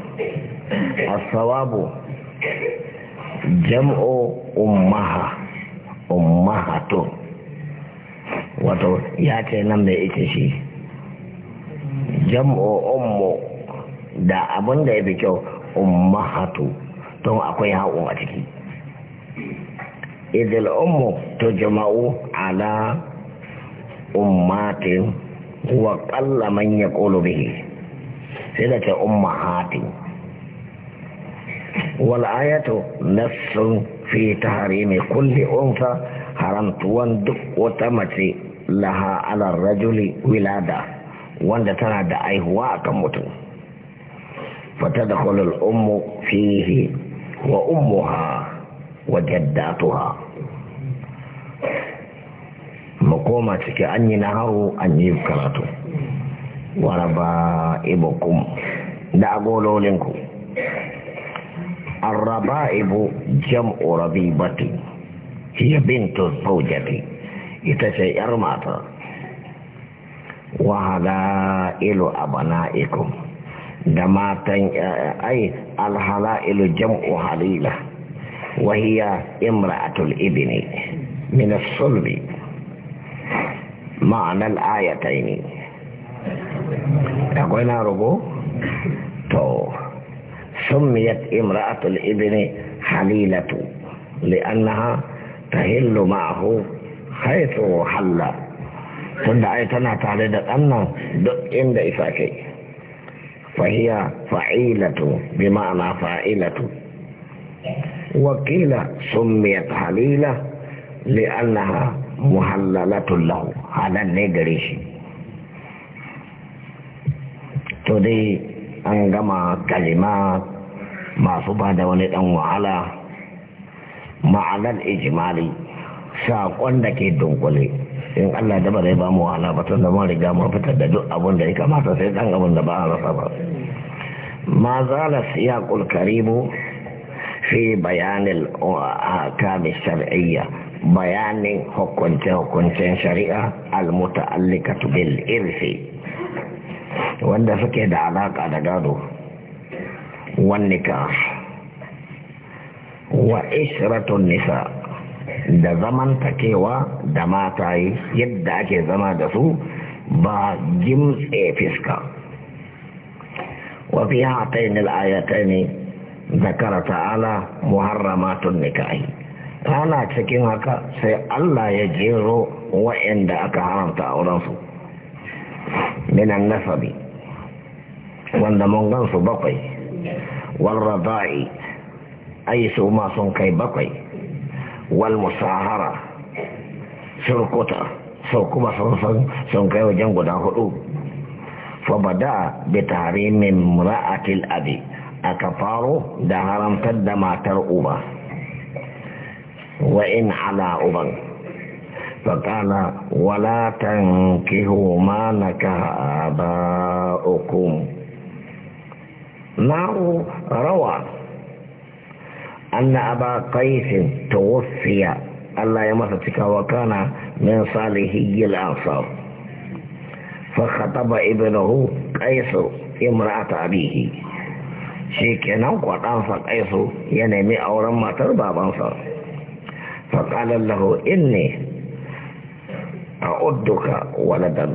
as-sawabu jam'u ummaha ummahatu wato ya ce nan da ita shi jam'u ummu da abun da ya kyau ummahatu don akwai haƙo a ciki idil ummu to jama'u ala ummatin wa ƙalla man ya ƙolo sai da ce ummahatin wal ayatu nassun fi tahrimi kulli unsa haramtuwan duk wata mace laha ala rajuli wilada wanda tana da aihuwa akan mutum fata da hulul ummu fihi wa ummuha wa jaddatuha mu koma ciki an yi naharu an yi karatu waraba ibukum da agololinku arraba ibu jam'u rabibati hiya bintu zaujati ita ce yar mata wa hada ilu ikum دما تن آه، آه، اي الحلائل جمع حليله وهي امراه الابن من الصلب معنى الايتين اقوينا ربو تو سميت امراه الابن حليله لانها تهل معه حيث حل تندعي تنعت علي دقنا دق ان دعي فهي فعيلة بمعنى فاعلة وقيل سميت حليلة لأنها محللة له على النجريش تدي masu كلمات ما wani ولد wahala, معنى الإجمالي saƙon da ke dunkule in Allah da ba zai ba mu wahala ba tun da mun riga mun fitar da duk abin kamata sai dan da ba a rasa ba ما زال السياق الكريم في بيان الأحكام الشرعية بيان حكمت حكمت شريعة المتعلقة بالإرث وأن فكد علاقة دقاده والنكاح وإسرة النساء ده زمن تكيوا دماتاي يدعك ake دسو با جمس افسكا gimtse وفي هاتين الآيتين ذكر تعالى محرمات النكاح ana cikin haka sai Allah ya jero wa'anda aka haramta aurensu minan nasabi wanda mun gansu bakwai warraba'i ai su ma sun kai bakwai wal musahara surkuta sau kuma sun kai wajen guda huɗu. فبدأ بتحريم امرأة الأبي أكفاره ده حرم ما ترؤبا وإن على أبا فقال ولا تنكهوا ما نكه آباؤكم معه روى أن أبا قيس توفي الله يمسك وكان من صالحي الأنصار فخطب ابنه قيس امرأة أبيه شيكنا وقطان قيس ينمي أورا ما تربى بانصر فقال له إني أعدك ولدا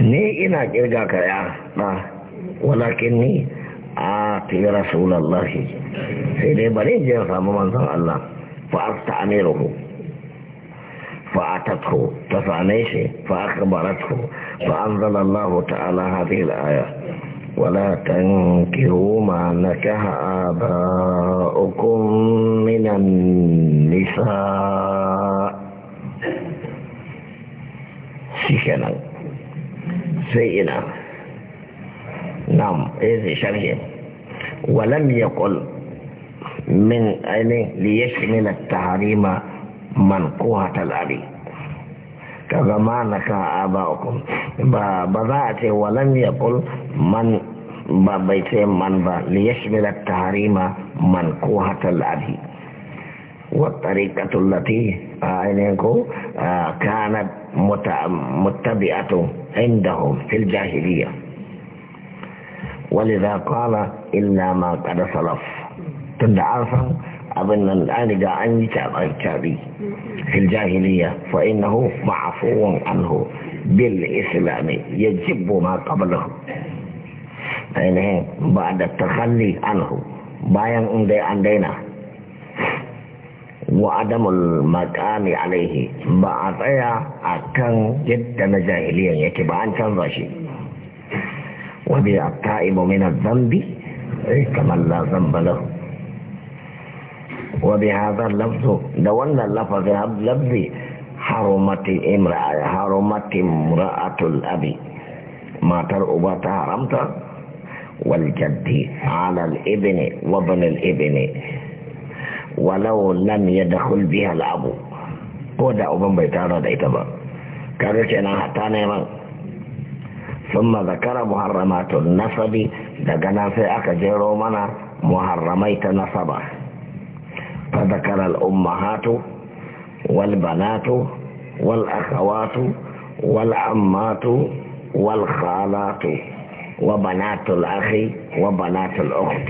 ني إنا كرقاك يا ولكني آتي رسول الله سيدي بلين جرسا ممن الله فأستعمله فأتته تسانيش فأخبرته فأنزل الله تعالى هذه الآية ولا تنكروا ما نكه آباؤكم من النساء سيكنا سيئنا نعم إذ شرح ولم يقل من أين ليشمل التحريم من قوة الأبي كما نكا آباؤكم بذات ولم يقل من بيت من ليشمل التحريم من قوة الأبي والطريقة التي كانت متبعة عندهم في الجاهلية ولذا قال إلا ما قد صلف تندعى abin nan an riga an yi tabi fil jahiliya fa innahu ma'fuwan anhu bil islami yajibu ma qablahu ainihin ba da tahalli anhu bayan inda an daina wa adamul makami alaihi ba a tsaya a kan yadda na jahiliyan yake ba an canza shi wa bi a ta'ibu min zambi kamar la zamba lahu وبهذا اللفظ دون اللفظ هذا لفظ حرمت امرأة حرمت امرأة الأب ما ترؤبا تهرمت والجد على الابن وابن الابن ولو لم يدخل بها الأب قد أبن بيتارة ديتبا كارشنا حتى نيما ثم ذكر محرمات النسب دقنا في أكجيرو منا محرميت نسبه فذكر الأمهات والبنات والأخوات والعمات والخالات وبنات الأخ وبنات الأخت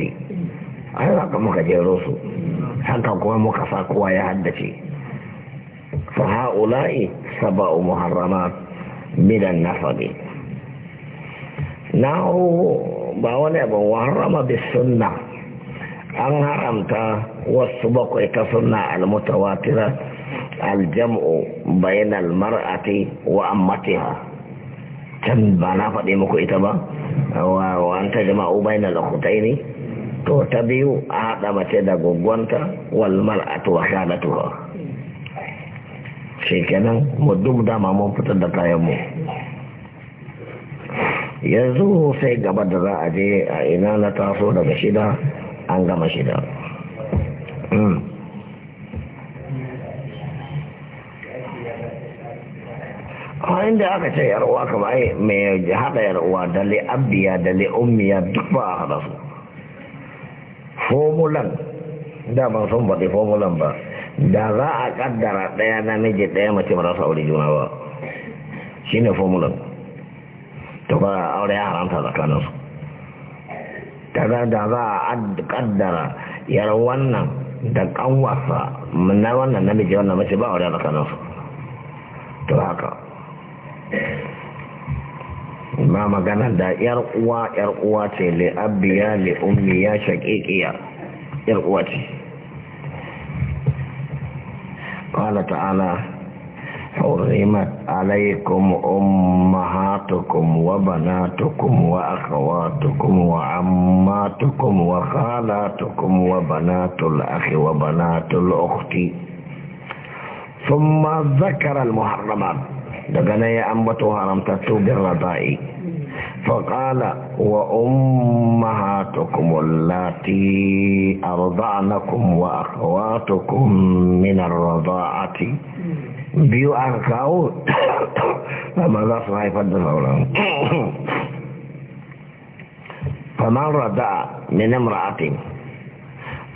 أيضا كما جيروسو حتى كما مكفاكوا يهدشي فهؤلاء سبع محرمات من النفق نعو باونا بمحرم بالسنه an haramta wasu bakwai ta suna almutawatira aljam'u bayan almar'ati wa ammatiha can ba na faɗi muku ita ba wa an ta jama'u bayan alakutai ne to ta biyu a haɗa mace da gwaggwanta walmar'atu wa shi shekenan mu duk dama mun fitar da mu yanzu sai gaba da za a je a ina na taso daga shida an gama shi da hmm. da aka ce yar'uwa kama mai haɗa yar'uwa da li'abbiya da li'ummiya duk ba a haɗa su fomulan da ban sun baɗi fomulan ba da za a ƙaddara ɗaya miji ɗaya mace mara aure juna ba shi ne fomulan to ba aure ya haramta tsakaninsu kaza da za a kaddara yar wannan da kanwarsa na wannan namiji wannan mace ba wadanda tsakaninsu to haka ma magana da yar uwa yar uwa ce le abiya le ummi ya yar uwa ce ƙwala ta'ala حرمت عليكم أمهاتكم وبناتكم وأخواتكم وعماتكم وخالاتكم وبنات الأخ وبنات الأخت ثم ذكر المحرمات دقنا يا أمة تتوب الرضائي فقال وأمهاتكم اللاتي أرضعنكم وأخواتكم من الرضاعة biyu aka kawo amma za su haifar da sauran faman rada minim ra'atin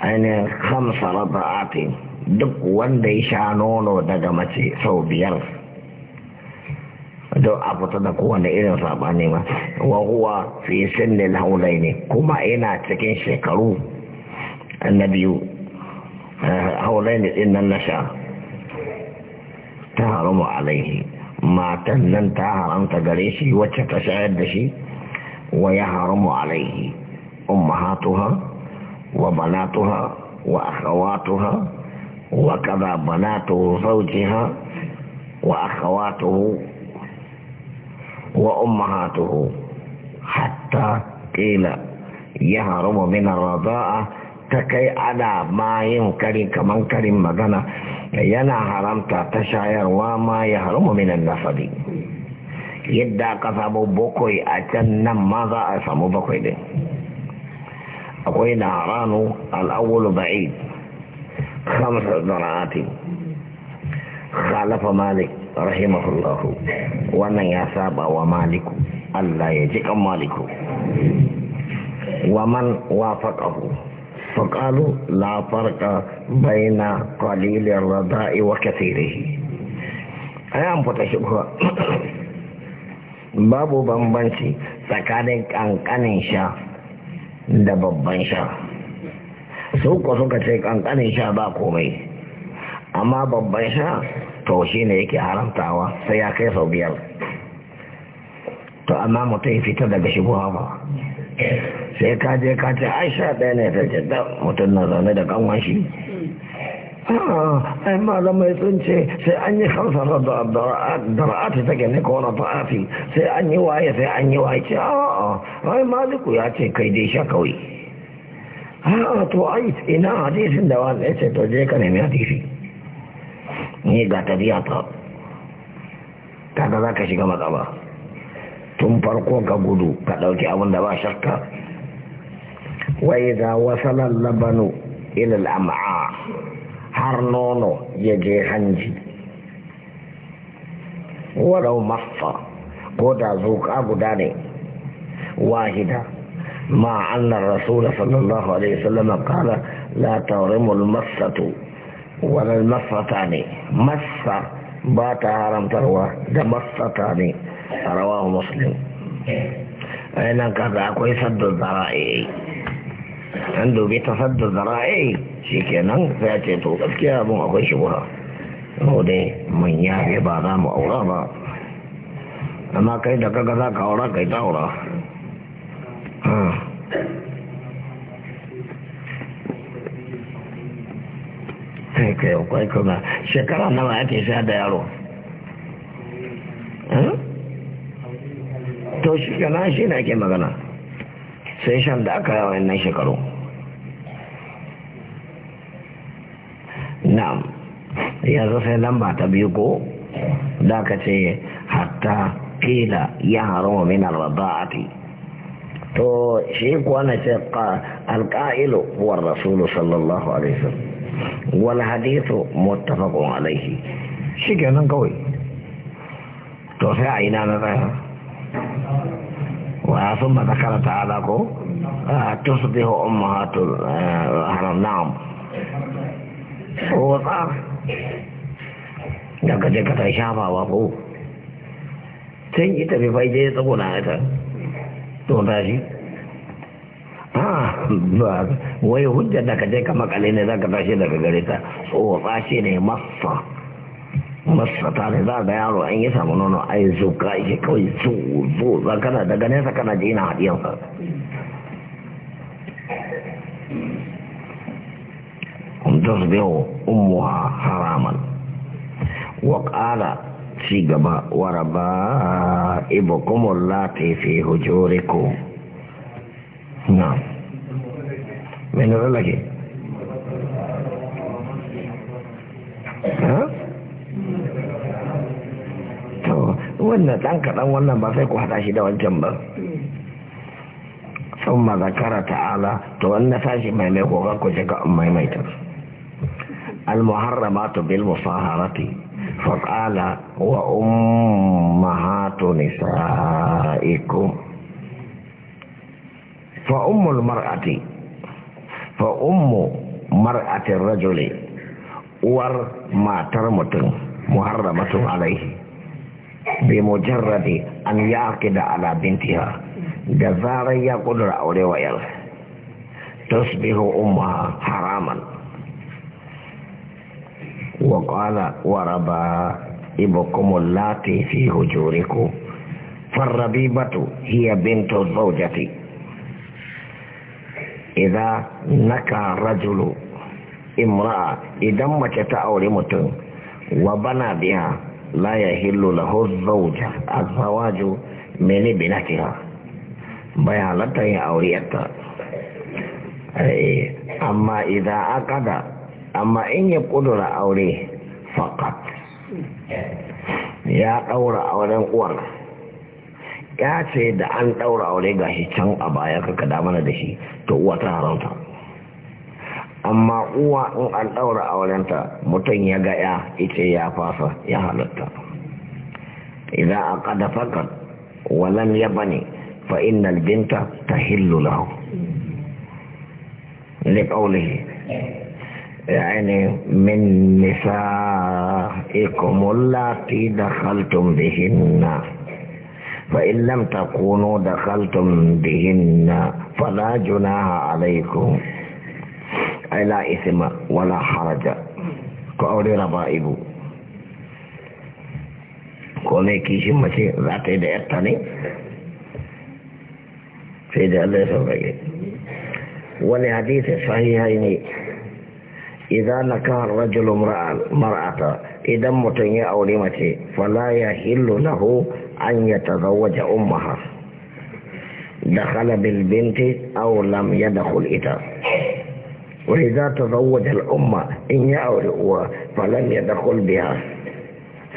ainihin hamsa rada'atin duk wanda ya sha nono daga mace sau biyar don a fita da kowane irin saɓani ma wa huwa fi sinin haulai ne kuma yana cikin shekaru na biyu eh, haulai ne ɗin na sha تهرم عليه ما تنن تهرم تقريشي وتتشاهد شيء ويهرم عليه أمهاتها وبناتها وأخواتها وكذا بناته زوجها وأخواته وأمهاته حتى قيل يهرم من الرضاء تكي على ما ينكر كمن كرم مدنه yana haramta ta shayarwa ma ya haramu minan nasabi yadda aka samu bakwai a can nan ma za a samu bakwai din akwai na haranu ba'i ba'id khamsa zara'atin khalafa malik rahimahullahu wannan ya saba wa maliku Allah ya ji kan maliku wa man wafaqahu فقالوا لا فرق بين قليل a yi أنا أم فتشبه babu bambanci tsakanin ƙanƙanin sha da babban sha su ko suka ce ƙanƙanin sha ba komai amma babban sha to shi ne yake haramtawa sai ya kai sau biyar to amma mutum fita daga shigowa ba sai ka je ka ce aisha ɗaya ne ta ce mutum na zaune da a shi ah, ai malamai sun ce sai an yi hamsar da dara'ati take ne ko rafa'ati sai an yi waye sai an yi waye ce a'a ai maliku ya ce kai dai sha kawai a'a to ai ina hadisin da wani ya ce to je ka nemi hadisi ni ga tafiya ta kaga za ka shiga matsaba tun farko ka gudu ka ɗauki abin da ba shakka wai za wasalar labanu ilil am'a har nono ya je hanji walau masta ko da zuƙa guda ne wahida ma annar rasul sallallahu alaihi wasallam qala la tawrimul masatu wal masata ne massa ba ta haramtarwa da masata ne rawahu muslim eh, nan kaza akwai saddu zara'i an dubi ta saddu zara'i shi shikenan sai ce to gaskiya abin akwai shubha ko dai mun yafe ba za mu aura ba amma kai da kaga za ka aura kai ta aura hmm. kai kai kuma shekara nawa ake sha da yaro to shi shi ne ake magana sai shan da aka yawa yannan shekaru na yanzu sai lamba ta biyu ko da ka ce hatta kila ya haramu min arba'ati to shi kuwa na ce alƙa'ilu war rasulu sallallahu alaihi wasallam wal hadithu muttafaqun alaihi shi kenan kawai to sai a ina na tsaya ثم ذكر تعالى تصبح أمهات الحرم نعم وطار daga je ka ta shafawa ko can ita bai fai je tsakona ita to ta shi wai hujjar da ka je ka makale ne za ka tashi daga gare ta tsotsa shi ne masa masata ne za da yaro an yi samu nono a yi zuka yake kawai zo zo za kana daga nesa kana je na hadiyansa kuntas biyu umuwa haraman wa kara ci gaba wara ba ibo kuma lati fi hujuriku na mai nuna lagi wannan ɗan kaɗan wannan ba sai ku haɗa shi da wancan ba sun ma zakara ta'ala to wannan tashi mai mai kogar ku shiga in maimaita al-muharramatu bil musaharati fa qala wa ummahatu nisaikum fa ummul mar'ati fa ummu mar'atin rajuli uwar matar mutum muharramatu alaihi بمجرد أن يعقد على بنتها جزارا يقول رأولي ويل تصبح أمها حراما وقال وربا إبكم اللاتي في هجوركم فالربيبة هي بنت الزوجة إذا نكى رجل امرأة إذا ما تتأولي متن وبنى بها la yahillu lahu zawja az-zawaju min binatiha bai halatta yin auriyarta amma idan aka da. amma in ya kudura aure faqat ya daura auren uwar ya ce da an daura aure gashi can a baya kaka damana da shi to uwa ta haramta amma uwa in an ɗaura aurenta mutum ya ga ya ita ya fasa ya halatta idan a kada fakar walam ya bane fa innal binta ta hillu lahu li qawlihi yani min nisaikum allati dakhaltum bihinna fa in lam takunu dakhaltum bihinna fala junaha alaykum ai la isma wala haraja ko aure raba'ibu ko mai kishin mace za ta yi da yarta ne sai da Allah ya saurare wani hadisi sahihai ne idan na kan rajulu mar'ata idan mutum ya aure mace fala ya hillu lahu an ya tazawwaja ummaha dakhala bil binti aw lam da ita وإذا تزوج الأمة إن يأورئوا فلم يدخل بها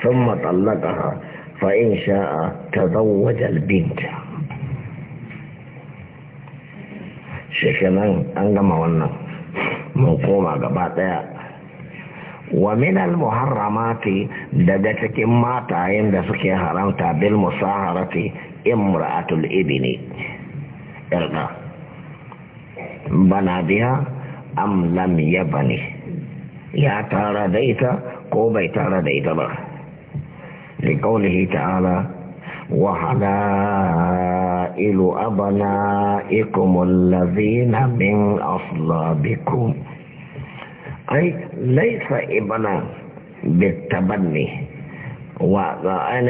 ثم طلقها فإن شاء تزوج البنت شكرا أنقم koma gaba ɗaya. wa minal muharramati daga cikin matayen da suke haramta ce, musaharati imra'atul ibni irda bana biya am lam yabni ya tara daita ko bai tara daita ba ba liqaulihi ta'ala wa halailu abnaikum allazina min aslabikum ai laisa ibana bitabanni wa ba a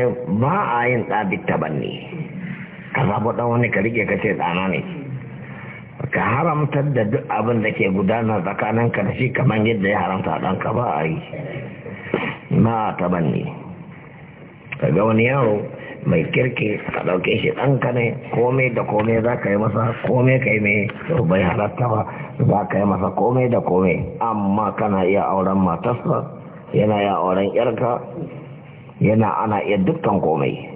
yin ɗa bitabanni ka zabo ɗan wani ka rike ka ce ɗana ne ka haramtar da duk abin da ke gudana tsakaninka da shi kamar yadda ya haramta ɗanka ba a yi ma ta ka kaga wani yaro mai kirki ka ɗauke shi ɗanka ne komai da komai za ka yi masa komai ka yi mai yau bai halatta ba za ka yi masa komai da komai amma kana iya auren matarsa yana iya auren yarka yana ana iya dukkan komai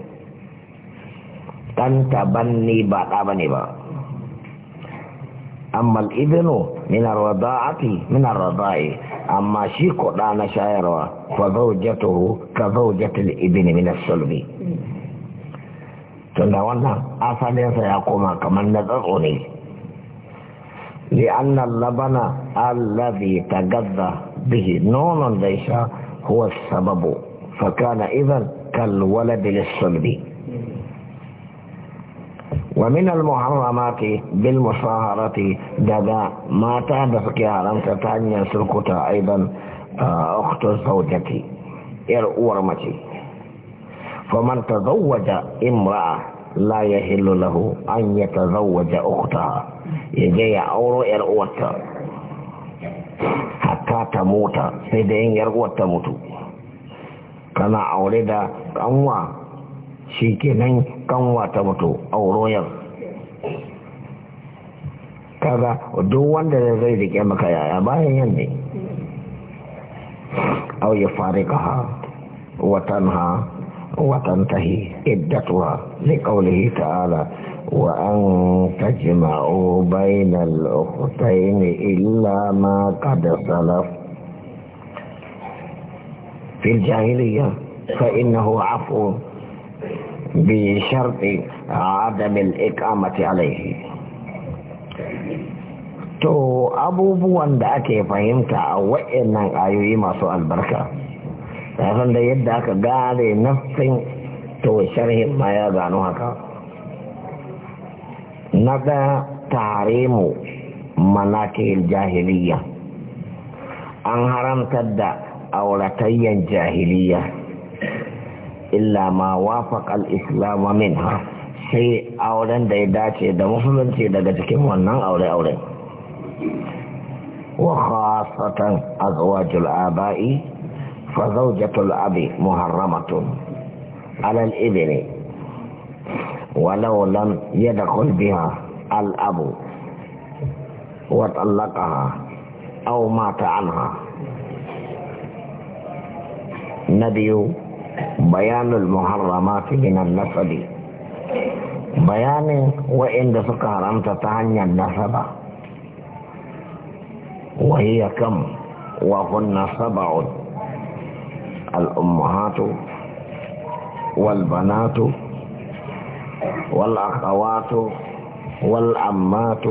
ɗan taban ba ɗa ba ne ba أما الابن من الرضاعة من الرضاء أما شيك لا نشاعر فزوجته كزوجة الإبن من السلم تنا وانا أصلي سيقوم كما نذعوني لأن اللبن الذي تغذى به نون ليس هو السبب فكان اذا كالولد للسلم ومن المحرمات بالمصاهرة دادا ما تعدفك حرام تتعني سلكتا أيضا أخت زوجتي يرؤور متي فمن تزوج امرأة لا يحل له أن يتزوج أختها يجي أورو يرؤورتا حتى تموت سيدين يرؤورتا موتو kana aure da kanwa shi kenan kanwa ta mutu auroyar kaga duk wanda zai rike maka yaya bayan yan ne au ya ta watanha watantahi iddatuha liqaulihi ta'ala wa an ta tajma'u bainal ukhtayn illa ma qad salaf fil jahiliyya fa innahu 'afwun بشرط عدم الإقامة عليه to abubuwan da ake fahimta a wa'annan ayoyi masu albarka tafin da yadda aka gane nafsin to sharhin ma ya gano haka na ga tare mu manakil jahiliya an haramtar da auratayyan jahiliya illa ma wafaq al-islam sai auren da ya dace da musulunci daga cikin wannan aure-aure wa khasatan azwajul aba'i fa zawjatul abi muharramatun alal al-ibni walau lam yadkhul biha al-abu wa talaqaha aw mata anha na biyu بيان المحرمات من النسب بيان وإن دفق حرمت تهني النسب وهي كم وهن سبع الأمهات والبنات والأخوات والأمات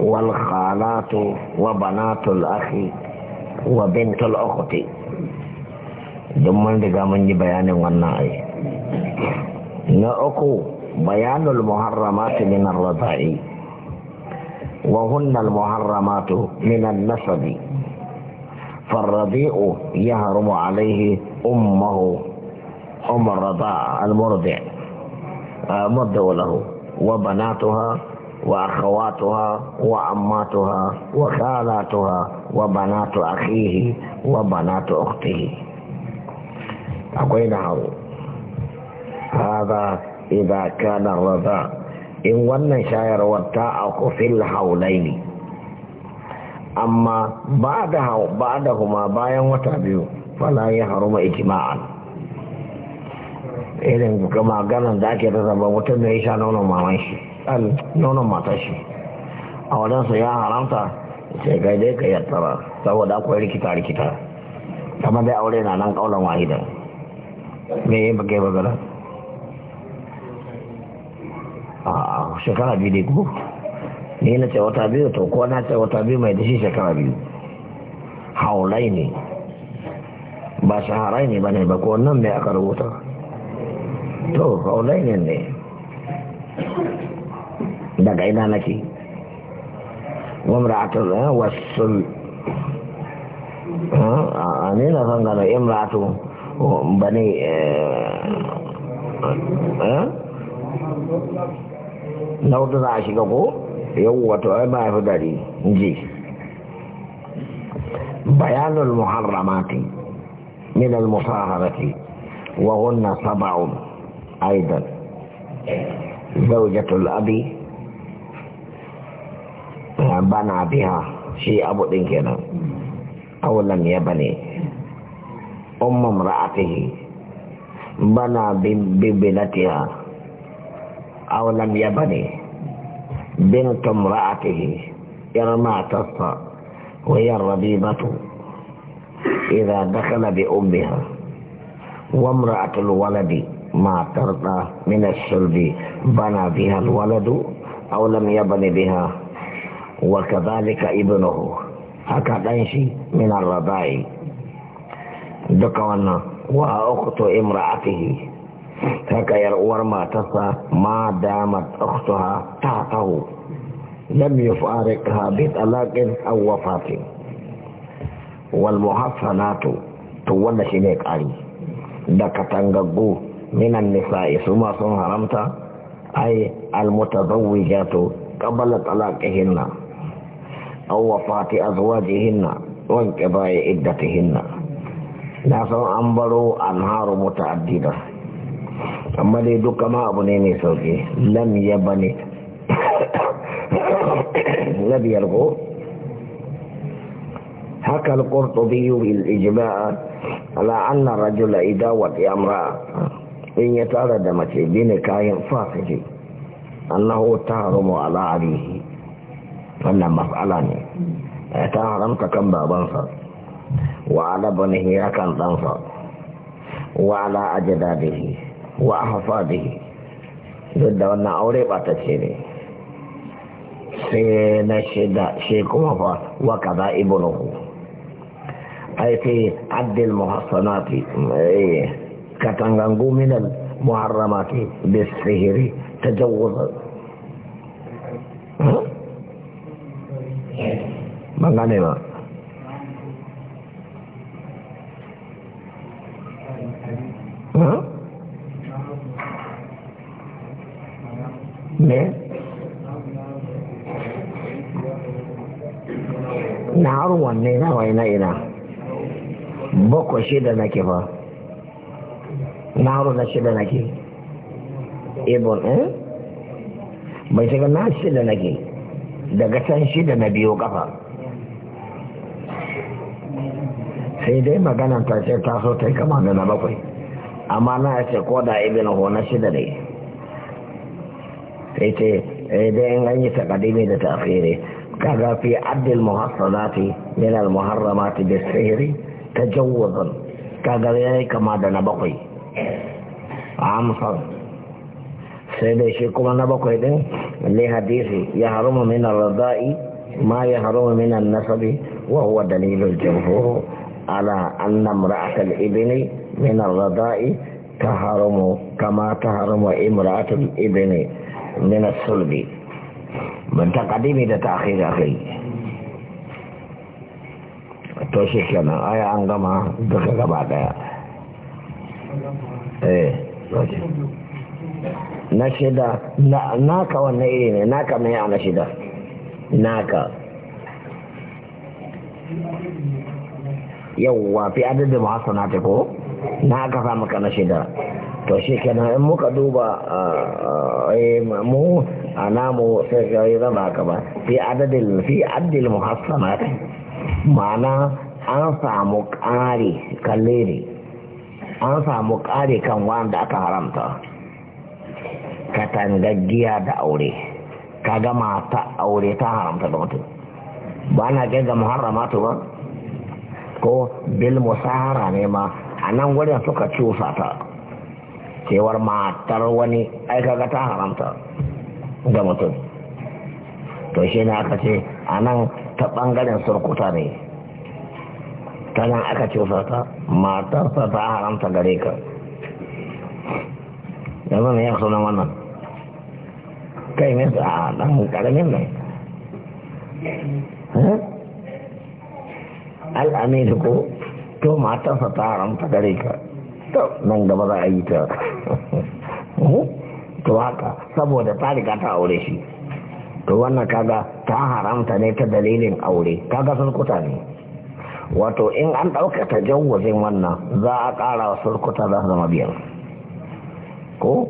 والخالات وبنات الأخ وبنت الأخت don mun riga mun yi bayanin wannan ayi na uku bayanul muharramat min ar-radai wa hunnal muharramat min an-nasab فالرضيع يهرم عليه أمه أم الرضاع المرضع مرضع له وبناتها وأخواتها وعماتها وخالاتها وبنات أخيه وبنات أخته akwai na haru haza ka na raza in wannan shayarwar ta a haulai ne. amma ba da kuma bayan wata biyu fala ya haruma ijma'an irin ga maganan da ake da zama mutum da ya sha nonon maman shi ɗan nonon matar shi a wadansu ya haramta sai ga dai ka yattara saboda akwai rikita rikita Kama dai aure na nan ƙaunar wahida me ba kai magana a shekara biyu dai ko ni na ce wata biyu to ko na ce wata biyu mai da shi shekara biyu haulai ne ba shaharai ne ba ne ba ko nan mai aka rubuta to haulai ne ne daga ina nake wamra'atul eh, wasul eh, a ne na zangana imra'atul بني آه، آه، لو بيان المحرمات من المصاهرة وهن سبع أيضا زوجة الأبي بنى بها شيء أبو دين كنا أو لم يبني أم امرأته بنى ببنتها أو لم يبني بنت امرأته إرما تصفى وهي الربيبة إذا دخل بأمها وامرأة الولد ما ترضى من الشلب بنى بها الولد أو لم يبن بها وكذلك ابنه هكذا من الرضاعي duka wannan wa ukhtu imra'atihi haka yar uwar matarsa ma damat ukhtuha ta'tahu lam yufariqha bi talaqin aw wafatin wal muhassanatu to wannan shine kari da katangaggu minan nisa'i su ma sun haramta ai al mutazawwijatu qabla talaqihinna aw wafati azwajihinna wa inqida'i iddatihinna na san an baro an haru muta'addida amma dai duka ma abu ne mai sauki lam ya bane na biyar ko haka al-qurtubi bil ijma' ala anna rajula idha wadi'a imra'a in ya tara da mace bine kayan fasiki annahu tahrumu ala alihi wannan mas'ala ne ta haramta kan babansa وعلى بنه أكن تنفع وعلى أجداده وأحفاده ضد أن أوري باتشيني سينا شدا شيكم وكذا ابنه أي في عد المحصنات كتنغنغو من المحرمات بالسهر تجوز ما غني ما ne na har wanne na wai na ina bako shida nake ba na haru na shida nake ibon eh bai shiga na shida nake daga can shida na biyo kafa sai dai maganan ta ce taso ta yi kama da na bakwai amma na ce ko da ibn na shida ne sai ce dai in an yi kadimi da tafiri kaga fi adil muhassalati min al muharramati bis sihri tajawuzan kaga yayi kama da na bakwai amsar sai da shi kuma na bakwai din li hadisi ya haramu min al radai ma ya haramu min al nasabi wa huwa dalilul jumhur ala anna al ibni من الرضاء تحرم كما تحرم امرأة الابن من الصلب من تقديم تأخير أخي to shi kenan aya an gama duka gaba daya na shida naka wannan iri ne naka mai a na shida ko? na haka maka na shida to shi kenan in muka duba eh, mu a namu sai gari zaba ka ba fi adadin fi addil muhassanat ma'ana an samu ƙari kalle ne an samu ƙari kan wanda aka haramta katangaggiya da aure kaga mata aure ta haramta da mutum ba na gaga muharramatu ba ko bil musahara ne ma a nan wurin suka cusa ta cewar matar wani aikaka ta haramta ga mutum to shi ne aka ce a nan ta ɓangaren surkuta ne ta nan aka cusa ta matarsa ta haramta gare ka yanzu ne ya sunan wannan kai ne a ɗan ƙaramin ne eh? al'amiru ko to matansa ta haramta gare ka to nan gaba za a yi ta to haka saboda ta riga ta aure shi to wannan kaga ta haramta ne ta dalilin aure kaga sulkuta ne wato in an ɗauka ta jawwazin wannan za a ƙara wa sulkuta za su zama biyar ko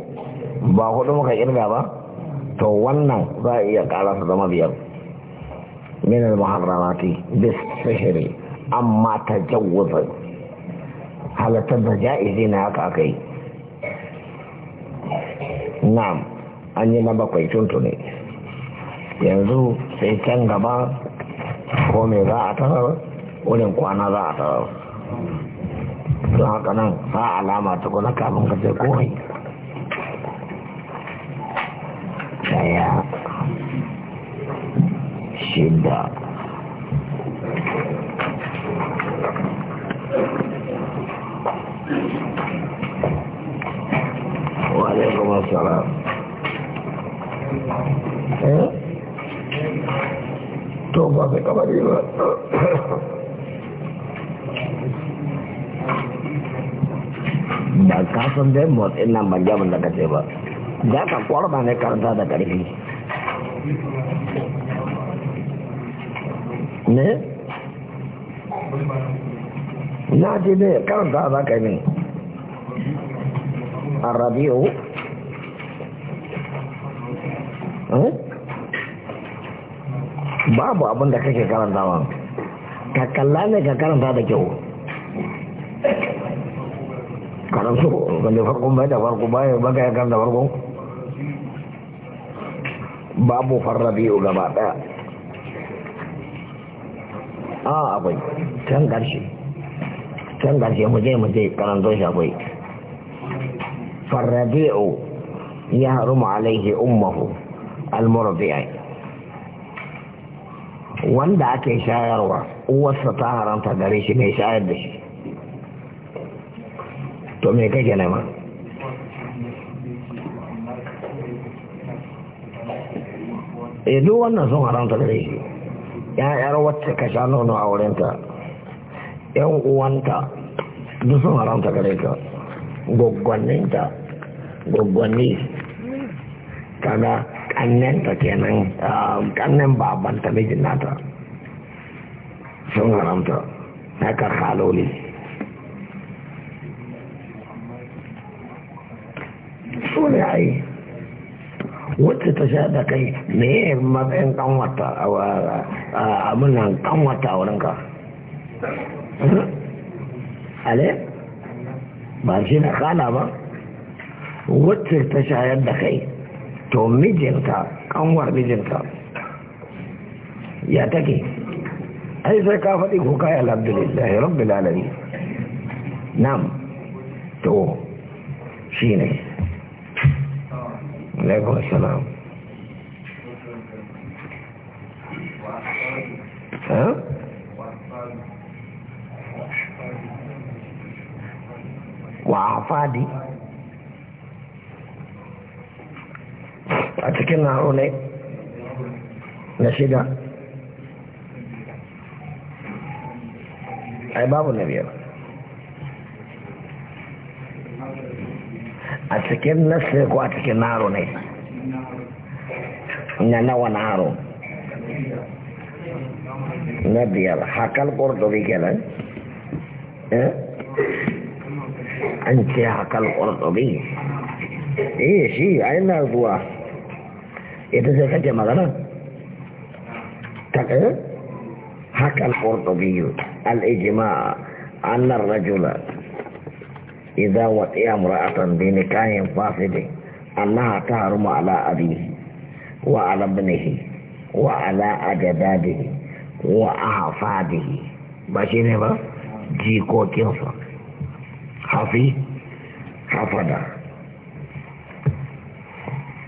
ba hudu muka kirga ba to wannan za a iya ƙara su zama biyar min al-muharramati bis sihiri amma ta jawuzan halatar da ja'izi na haka aka yi na'am an yi na bakwai tuntune yanzu sai can gaba ko mai za a tarar wurin kwana za a tarar don haka nan ba alama ta kuna kafin ka ce kowai daya shida والسلام توبة قبري ba ka san dai motsin nan ban jamin da kace ba za ka kwarba ne karanta da ƙarfi ne? na ce ne karanta za ka yi a الربيع babu abin da kake karantawa ka kalla ne ka karanta da kyau karansu wanda farkon bai da farko bayan baka ya karanta farkon babu biyu gaba daya a abai can ƙarshe can ƙarshe muje muje karanto shi farra biyu ya harumu alaihi ummahu al-murbi'ai wanda ake shayarwa uwarsa ta haramta gare shi mai shayar da shi to me kake nema e duk wannan sun haramta gare shi ya'yar wacce ka sha nono a wurinta yan uwanta duk sun haramta gare ka gwaggwanninta gwaggwanni kaga annenta kenan um, kannan baban ta mijin nata sun haramta na kan haloli su ne ai yi wacce ta sha da kai ne mafi kanwata a uh, uh, uh, abinan kanwata a wurinka hmm? ale ba shi na kala ba wacce ta shayar da kai to mijinka kanwar mijinka ya take ai sai ka faɗi ko kai alhamdulillah rabbil alamin nam to shine alaikum assalam ha wa afadi a cikin na'unai na shida ai babu na biyar a cikin nasir ko a cikin naro ne na nawa naro na biyar hakal ƙordobi kenan eh? an ce hakal ƙordobi eh shi a yana zuwa ita sai kake magana ta ɗaya haka al-qurtubi al-ijma anna ar-rajula idza wati'a imra'atan ne kayan fasidin annaha tahrumu ala abihi wa ala ibnihi wa ala ajdadihi wa ahfadihi ba shi ne ba jikokinsa hafi hafada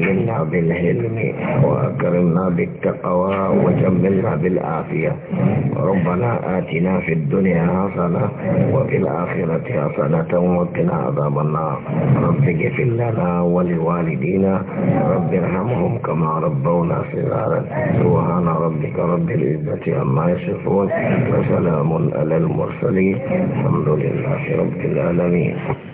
زينا بالعلم وأكرمنا بالتقوى وجملنا بالعافية ربنا آتنا في الدنيا حسنة وفي الآخرة حسنة وقنا عذاب النار رب اغفر لنا ولوالدينا رب ارحمهم كما ربونا صغارا سبحان ربك رب العزة عما يصفون وسلام على المرسلين الحمد لله رب العالمين